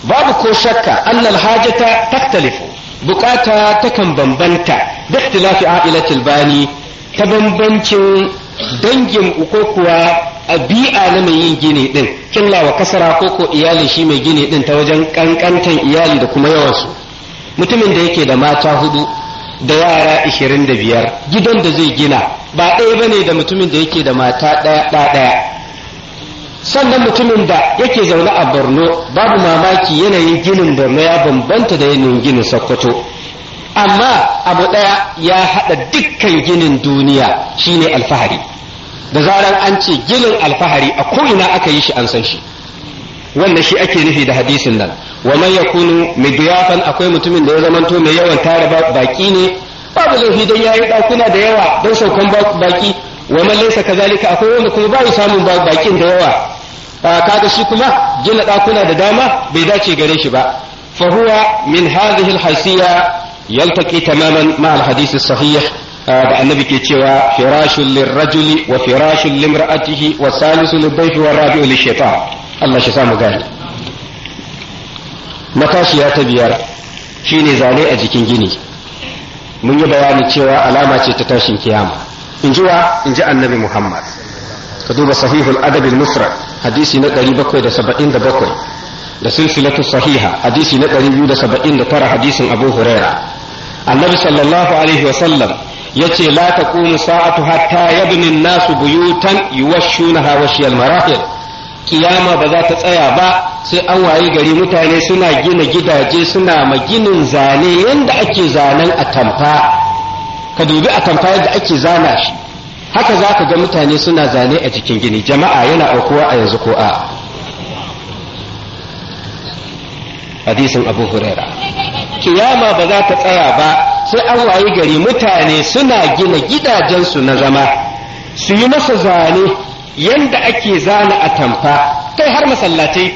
babu ko shakka annal hajata taktalifu bukata takan bambanta da ikhtilafi a'ilatil bani ta bambancin dangin uku kuwa ɗabi'a na mai yin gini ɗin killawa kasara ko ko iyali shi mai gini ɗin ta wajen ƙanƙantan iyali da kuma yawansu mutumin da yake da mata hudu da yara ishirin da biyar gidan da zai gina ba ɗaya ba ne da mutumin da yake da mata ɗaya ɗaya sannan mutumin da yake zaune a borno babu mamaki yanayin ginin borno ya bambanta da yanayin ginin sokoto amma abu ɗaya ya haɗa dukkan ginin duniya shine alfahari da zarar an ce ginin alfahari a ko'ina aka yi shi an san shi wannan shi ake nufi da hadisin nan wa kunu mai midyafan akwai mutumin da ya zamanto mai yawan tara baki ne babu laifi dan yayi ɗakuna da yawa don saukan baki wa laisa kazalika akwai wanda kuma bai samun bakin da yawa ah, kaga shi kuma gina ɗakuna da dama bai dace gare shi ba fa huwa min hadhihi alhasiya yaltaqi tamaman ma alhadith as-sahih da annabi ke cewa firashul lirrajuli wa firashul limra'atihi wa salisu lidayfi wa rabi'u lishaitan Allah shi samu gani matashiya ta biyar shine zane a jikin gini mun yi bayani cewa alama ce ta tashin kiyama in ji wa in ji annabi Muhammad ka duba sahihul adabil musra hadisi na 777 da silsilatu sahiha hadisi na 279 hadisin Abu Huraira annabi sallallahu alaihi wa sallam yace la taqumu sa'atu hatta yabni an-nasu buyutan yuwashshunaha washiyal marahil kiyama ba za ta tsaya ba sai an waye gari mutane suna gina gidaje suna maginin zane yanda ake zanen atamfa ka dubi atamfa yadda ake zana shi haka za ka ga mutane suna zane a cikin gini jama'a yana aukuwa a yanzu ko a hadisin abu huraira kiyama ba za ta tsaya ba sai an wayi gari mutane suna gina gidajensu na zama su yi masa zane yanda ake zana a tamfa kai har masallatai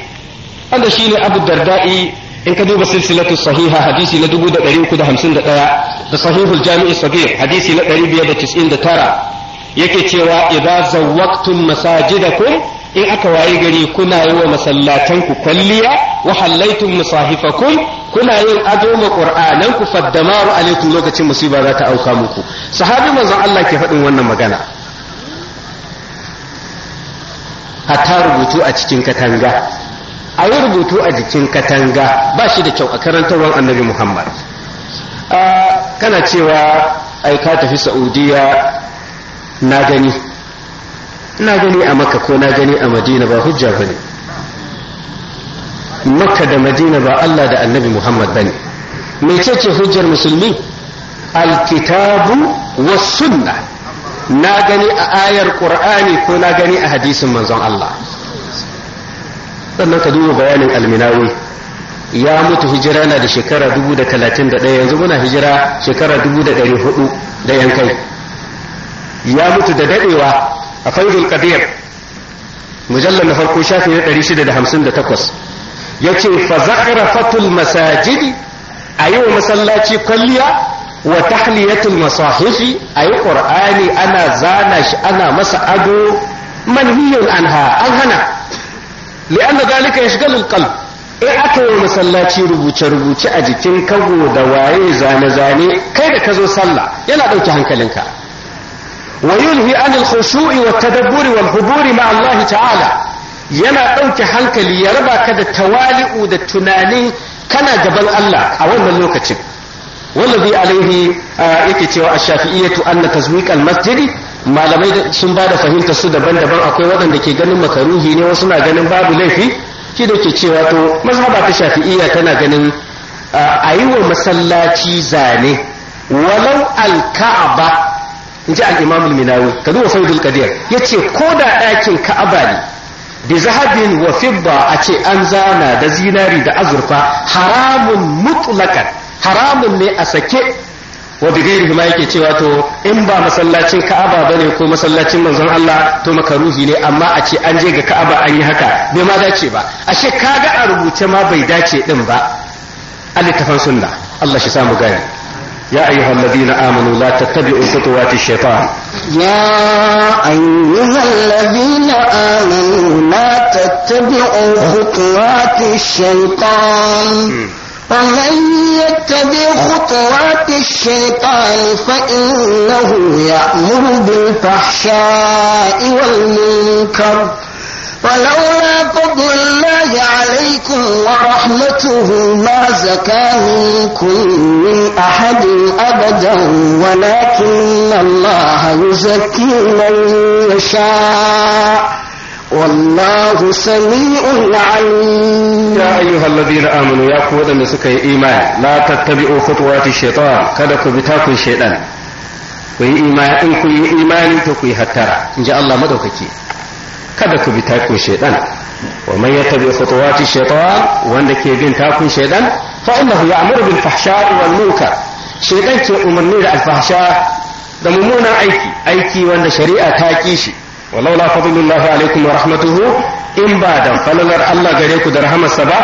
wanda shine abu darda'i in ka duba silsilatu sahiha hadisi na 1351 da sahihul jami'i sagir hadisi na 599 yake cewa idza zawaqtum masajidakum in aka wayi gari kuna yi wa masallatan ku kwalliya wa hallaitum musahifakum kuna yin ado ma qur'anan ku faddamaru alaikum lokacin musiba za ta auka muku sahabi manzon Allah ke faɗin wannan magana hatta rubutu a cikin katanga a rubutu a jikin katanga ba shi da kyau a karantarwar annabi muhammad ah, kana cewa aika tafi saudiya na gani na gani a maka ko na gani a madina ba hujja ba ne makka da madina ba allah da annabi muhammad ba ne mecece hujjar musulmi alkitabu wa sunna na gani a ayar qur'ani ko na gani a hadisin manzon allah sannan ka duba bayanin alminawi ya mutu hijira na da shekara 1031 yanzu muna hijira shekara 1400 da yankai ya mutu da dadewa a faidul mujallar mujallal na farko shafi na 658 ce fa masajidi masajid yi wa masallaci kwalliya wa tahliyatul masahifi ayi ƙur'ani ana zana shi ana masa ado an ha an hana li'anna zalika shiga qalb E, aka yi masallaci rubuce-rubuce a jikin kago da waye zane-zane kai da ka zo sallah yana ɗauki hankalinka ويلهي عن الخشوع والتدبر والحضور مع الله تعالى yana ɗauke hankali ya raba ka da tawali'u da tunani kana gaban Allah a wannan lokacin wallazi alaihi yake cewa a shafiiyyatu anna tazwiq al-masjid malamai sun ba da fahimta su daban-daban akwai waɗanda ke ganin makaruhi ne wasu na ganin babu laifi shi da ke cewa to mazhaba ta shafi'iyya tana ganin a yi wa masallaci zane walau al-ka'aba in ji al-imam al-minawi ka duba faidul qadir yace ko da ɗakin ka'aba ne bi zahabin wa fidda a ce an zana da zinari da azurfa haramun mutlaqan haramun ne a sake wa bi ma yake cewa to in ba masallacin ka'aba ne ko masallacin manzon Allah to makaruhi ne amma a ce an je ga ka'aba an yi haka bai ma dace ba ashe kaga a rubuce ma bai dace din ba a sunna Allah shi samu gani يا أيها الذين آمنوا لا تتبعوا خطوات الشيطان يا أيها الذين آمنوا لا تتبعوا خطوات الشيطان ومن يتبع خطوات الشيطان فإنه يأمر بالفحشاء والمنكر ولولا فضل الله عليكم ورحمته ما زكى منكم من أحد أبدا ولكن الله يزكي من يشاء والله سميع عليم يا أيها الذين آمنوا يا قوة من سكي إيمان لا تتبعوا خطوات الشيطان كدك بتاكل الشيطان ku ان كل ايمان ku yi ان شاء الله yi kada ku bi takun shaidan wa man yattabi khutuwati shaitan wanda ke bin takun shaidan fa innahu ya'muru bil fahsha'i wal munkar shaidan ke umarni da alfahsha da mummunan aiki aiki wanda shari'a ta ki shi walau la fadlullahi alaikum wa rahmatuhu in ba dan falalar Allah gare ku da rahamarsa ba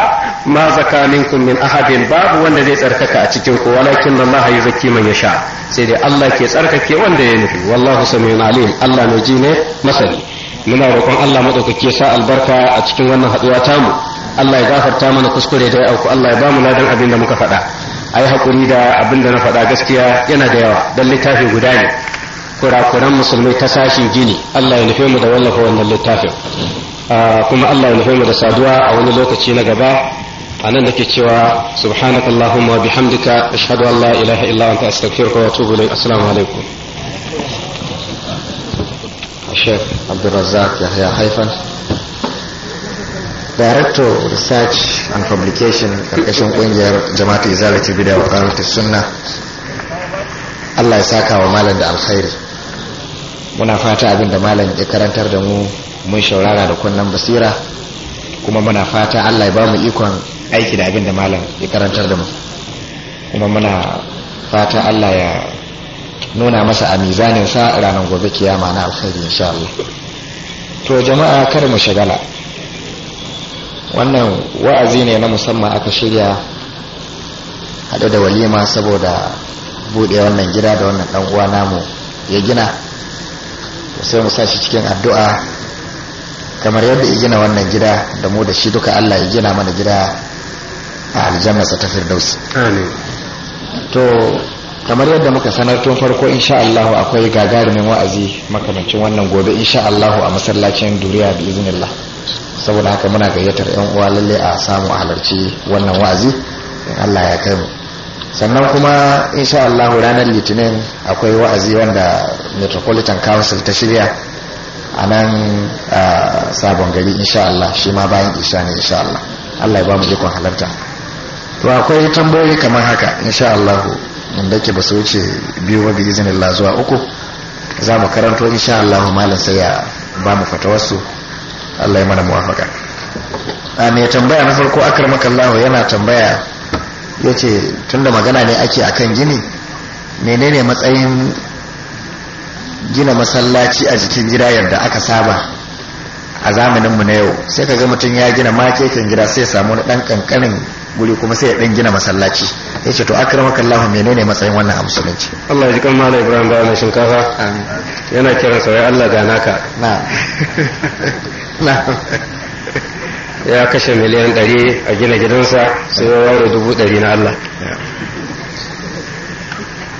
ma zakaninkum min ahadin babu wanda zai tsarkaka a cikin ku walakin Allah ya zaki man yasha sai dai Allah ke tsarkake wanda ya nufi wallahu samiun alim Allah mai ji ne masani muna roƙon Allah madaukaki ya sa albarka a cikin wannan haɗuwa tamu Allah ya gafarta mana kuskure da ya auku Allah ya ba mu ladan abin da muka faɗa ai haƙuri da abin da na faɗa gaskiya yana da yawa dan littafi guda ne kurakuran musulmai ta sashin gini Allah ya nufe mu da wallafa wannan littafin kuma Allah ya nufe mu da saduwa a wani lokaci na gaba a nan da ke cewa subhanakallahumma bihamdika ashhadu an la ilaha illa anta astaghfiruka wa atubu ilayk alaikum Sheikh Abdulrazak Yahya Haifan Director of Research and Publication karkashin kungiyar a Izalati Bid'a wa Qamati Sunna Allah ya saka wa malam da alkhairi muna fata abinda malam ya karantar da mu mun shaurara da kunnan basira kuma muna fata Allah ya ba mu ikon aiki da abinda malam ya karantar da mu kuma muna fata Allah ya nuna masa a mizanin sa ranar gobe kiyama na alkhairi insha Allah to jama'a kar mu shagala wannan wa'azi ne na musamman aka shirya haɗe da walima saboda buɗe wannan gida da wannan ɗan uwa namu ya gina sai mu sa shi cikin addu'a kamar yadda ya gina wannan gida da mu da shi duka Allah ya gina mana gida a aljannarsa ta firdausi to kamar yadda muka sanar tun farko insha Allah akwai gagarumin wa'azi makamancin wannan gobe insha Allah a masallacin duriya da iznillah saboda haka muna gayyatar yan uwa lalle a samu halarci wannan wa'azi in Allah ya kai mu sannan kuma insha Allah ranar litinin akwai wa'azi wanda metropolitan council ta shirya a nan sabon gari insha Allah shi ma bayan isha ne insha Allah Allah ya ba mu ikon halarta to akwai tambayoyi kamar haka insha Allah wanda ke ba su wuce biyu ba bi izinillah zuwa uku za mu karanto insha Allah malam sai ya ba mu fata wasu Allah ya mana muwafaka a mai tambaya na farko akar makallahu yana tambaya yace tunda magana ne ake kan gini menene matsayin gina masallaci a jikin gida yadda aka saba a zamaninmu na yau sai ka ga mutum ya gina makekin gida sai samu na ɗan ƙanƙanin guri kuma sai ya dan gina masallaci ya ce to akramaka Allah menene matsayin wannan a musulunci Allah ya ji kan malam Ibrahim Allah shin shinkafa amin yana kiran sa Allah ga naka na'am ya kashe miliyan 100 a gina gidansa sai ya ware dubu 100 na Allah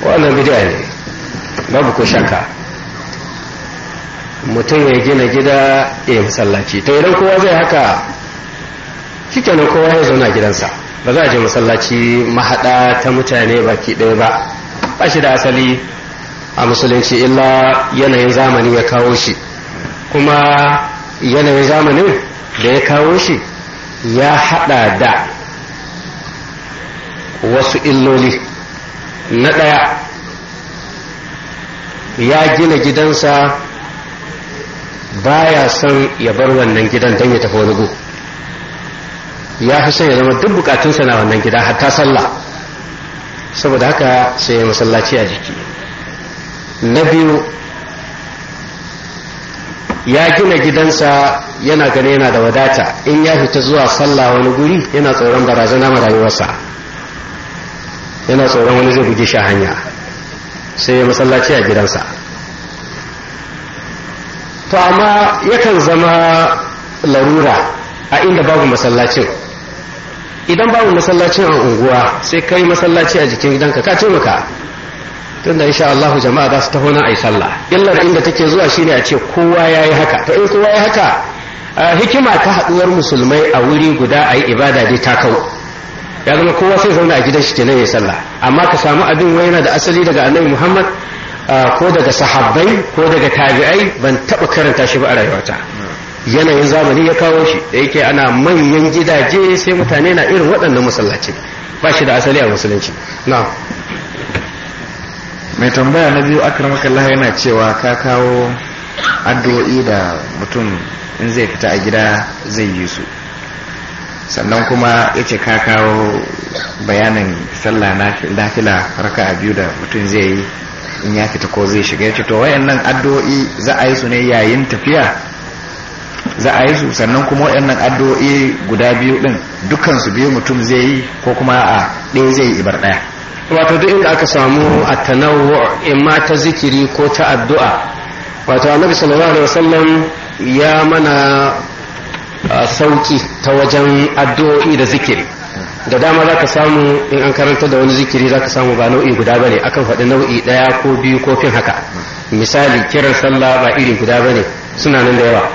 wannan bidiya ne babu ko shakka mutum ya gina gida ya masallaci to idan kowa zai haka shikenan kowa ya zauna gidansa ba za a je masallaci mahaɗa ta mutane baki ɗaya ba ba shi da asali a musulunci illa yanayin zamani ya kawo shi kuma yanayin zamanin da ya kawo shi ya haɗa da wasu illoli na ɗaya ya gina gidansa baya son ya bar wannan gidan don ya tafi wani ya fi son ya zama duk bukatunsa na wannan gida hatta sallah saboda haka sai ya masallaci a jiki na biyu ya gina gidansa yana gani yana da wadata in ya fita zuwa sallah wani guri yana tsoron barazana ma rayuwarsa yana tsoron wani zai buge shi hanya sai ya masallaci a gidansa to amma yakan zama larura a inda babu masallacin idan babu masallacin a unguwa sai kai masallaci a jikin gidanka ka taimaka da insha Allah jama'a za su taho na ayi sallah illar inda take zuwa shine a ce kowa yayi haka to in kowa yayi haka hikima ta haduwar musulmai a wuri guda ayi ibada dai ta kawo ya zama kowa sai zauna a gidan shi kenan yayi sallah amma ka samu abin yana da asali daga Annabi Muhammad ko daga sahabbai ko daga tabi'ai ban taba karanta shi ba a rayuwata yanayin zamani ya kawo shi da yake ana manyan gidaje sai mutane na irin waɗannan masallaci ba shi da asali a musulunci na mai tambaya na biyu akramakallah yana cewa ka kawo addu'o'i da mutum in zai fita a gida zai yi su sannan kuma ya ka kawo bayanin sallah na fila raka a biyu da mutum zai yi in ya fita ko zai shiga ya ce to nan addu'o'i za a yi su ne yayin tafiya za a yi su sannan kuma waɗannan addu'o'i guda biyu ɗin dukansu biyu mutum zai yi ko kuma a ɗaya zai yi ibar ɗaya wato duk inda aka samu a tanawo imma ta zikiri ko ta addu'a wato annabi sallallahu alaihi wasallam ya mana sauki ta wajen addu'o'i da zikiri da dama za ka samu in an karanta da wani zikiri za ka samu ba nau'i guda bane akan faɗi nau'i ɗaya ko biyu ko fin haka misali kiran sallah ba iri guda bane suna nan da yawa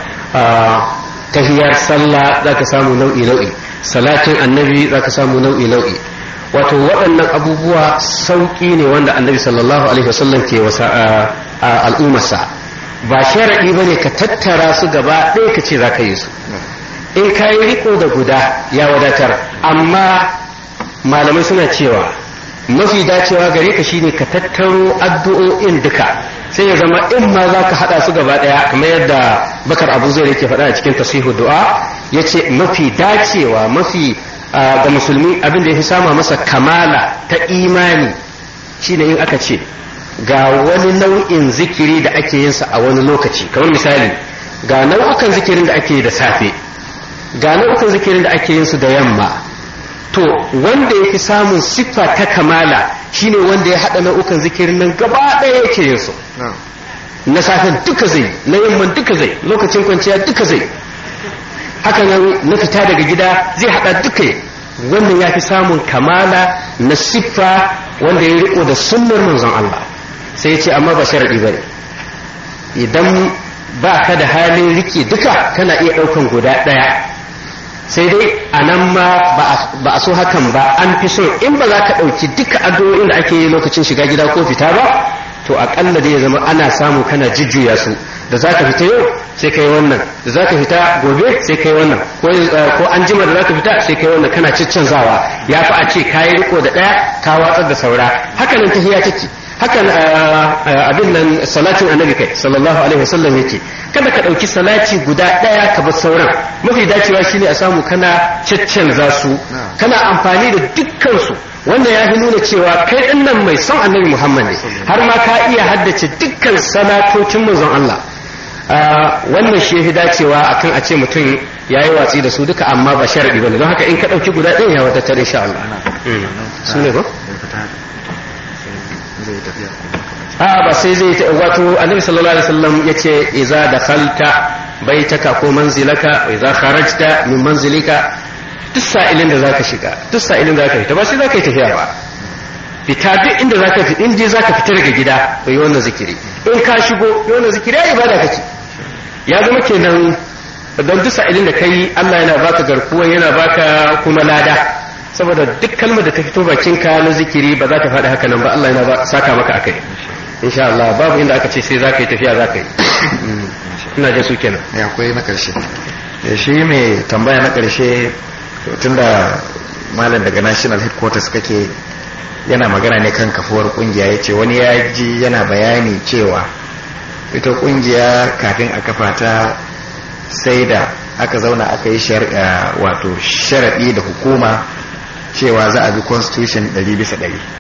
tafiyar sallah za ka samu nau'i nau'i salatin annabi za ka samu nau'i nau'i wato waɗannan abubuwa sauƙi ne wanda annabi sallallahu alaihi wasallam ke wasa a al'ummarsa ba sharaɗi ba ne ka tattara su gaba ɗaya ka ce za ka yi su in ka yi riko da guda ya wadatar amma malamai suna cewa mafi dacewa gare ka shine ka tattaro addu'o'in duka sai ya zama in ma za ka haɗa su gaba ɗaya kamar yadda bakar abu zai yake faɗa a cikin tasihu du'a ya ce mafi dacewa mafi ga musulmi abin da ya fi sama masa kamala ta imani shine in aka ce ga wani nau'in zikiri da ake yin sa a wani lokaci kamar misali ga nau'ukan zikirin da ake yi da safe ga nau'ukan zikirin da ake yin su da yamma to wanda yake samun siffa ta kamala shine wanda ya haɗa nau'ukan zikirin nan gaba ɗaya yake yin su na safen duka zai na yamman duka zai lokacin kwanciya duka zai haka nan na fita daga gida zai haɗa duka wannan ya fi samun kamala na siffa wanda ya riko da sunnar manzon Allah sai ya ce amma ba sharadi bane idan ba ka da halin rike duka kana iya ɗaukan guda ɗaya sai dai a nan ma ba a so hakan ba an fi so in ba za ka ɗauki duka addu'o'in da ake yi lokacin shiga gida ko fita ba to aƙalla da ya zama ana samu kana jujjuya su da za ka fita yau sai kai wannan da za ka fita gobe sai kai wannan ko an jima da za ka fita sai kai wannan kana zawa ya fi a ce kayi riko da ɗaya ka watsar da saura hakanan tahiya take hakan ah, ah, abin nan salatin annabi kai sallallahu alaihi wasallam yake kada ka ɗauki salati guda ɗaya ka bar sauran mafi dacewa shine a samu kana caccanza su kana amfani da dukkan su wanda ya fi nuna cewa kai din nan mai son annabi muhammad ne har ma ka iya haddace dukkan salatocin manzon Allah ah, wannan shi fi dacewa akan a ce mutum yayi watsi da su duka amma ba sharadi bane don haka in ka ɗauki guda ɗaya ya wadatar insha Allah mm. su ba a ba sai zai ta wato annabi sallallahu alaihi wasallam yace idza dakhalta baitaka ko manzilaka idza kharajta min manzilika duk sa'ilin da zaka shiga duk sa'ilin da zaka fita ba sai zaka yi tafiya ba fita duk inda zaka fita in je zaka fita daga gida ka yi wannan zikiri in ka shigo yi wannan zikiri ai ibada kace ya zama kenan don duk sa'ilin da kai Allah yana baka garkuwa yana baka kuma lada saboda duk kalmar da ta fito bakin ka na zikiri ba za ta faɗi haka nan ba Allah yana saka maka akai insha Allah babu inda aka ce sai za ka yi tafiya za ka yi ina jin su kenan ya koyi na karshe eh, shi mai tambaya na karshe tunda malam daga national headquarters kake yana magana ne kan kafuwar kungiya ya ce wani ya ji yana bayani cewa ita kungiya kafin a kafa ta sai da aka zauna aka yi eh, wato sharaɗi da hukuma cewa za a bi constitution ɗari bisa ɗari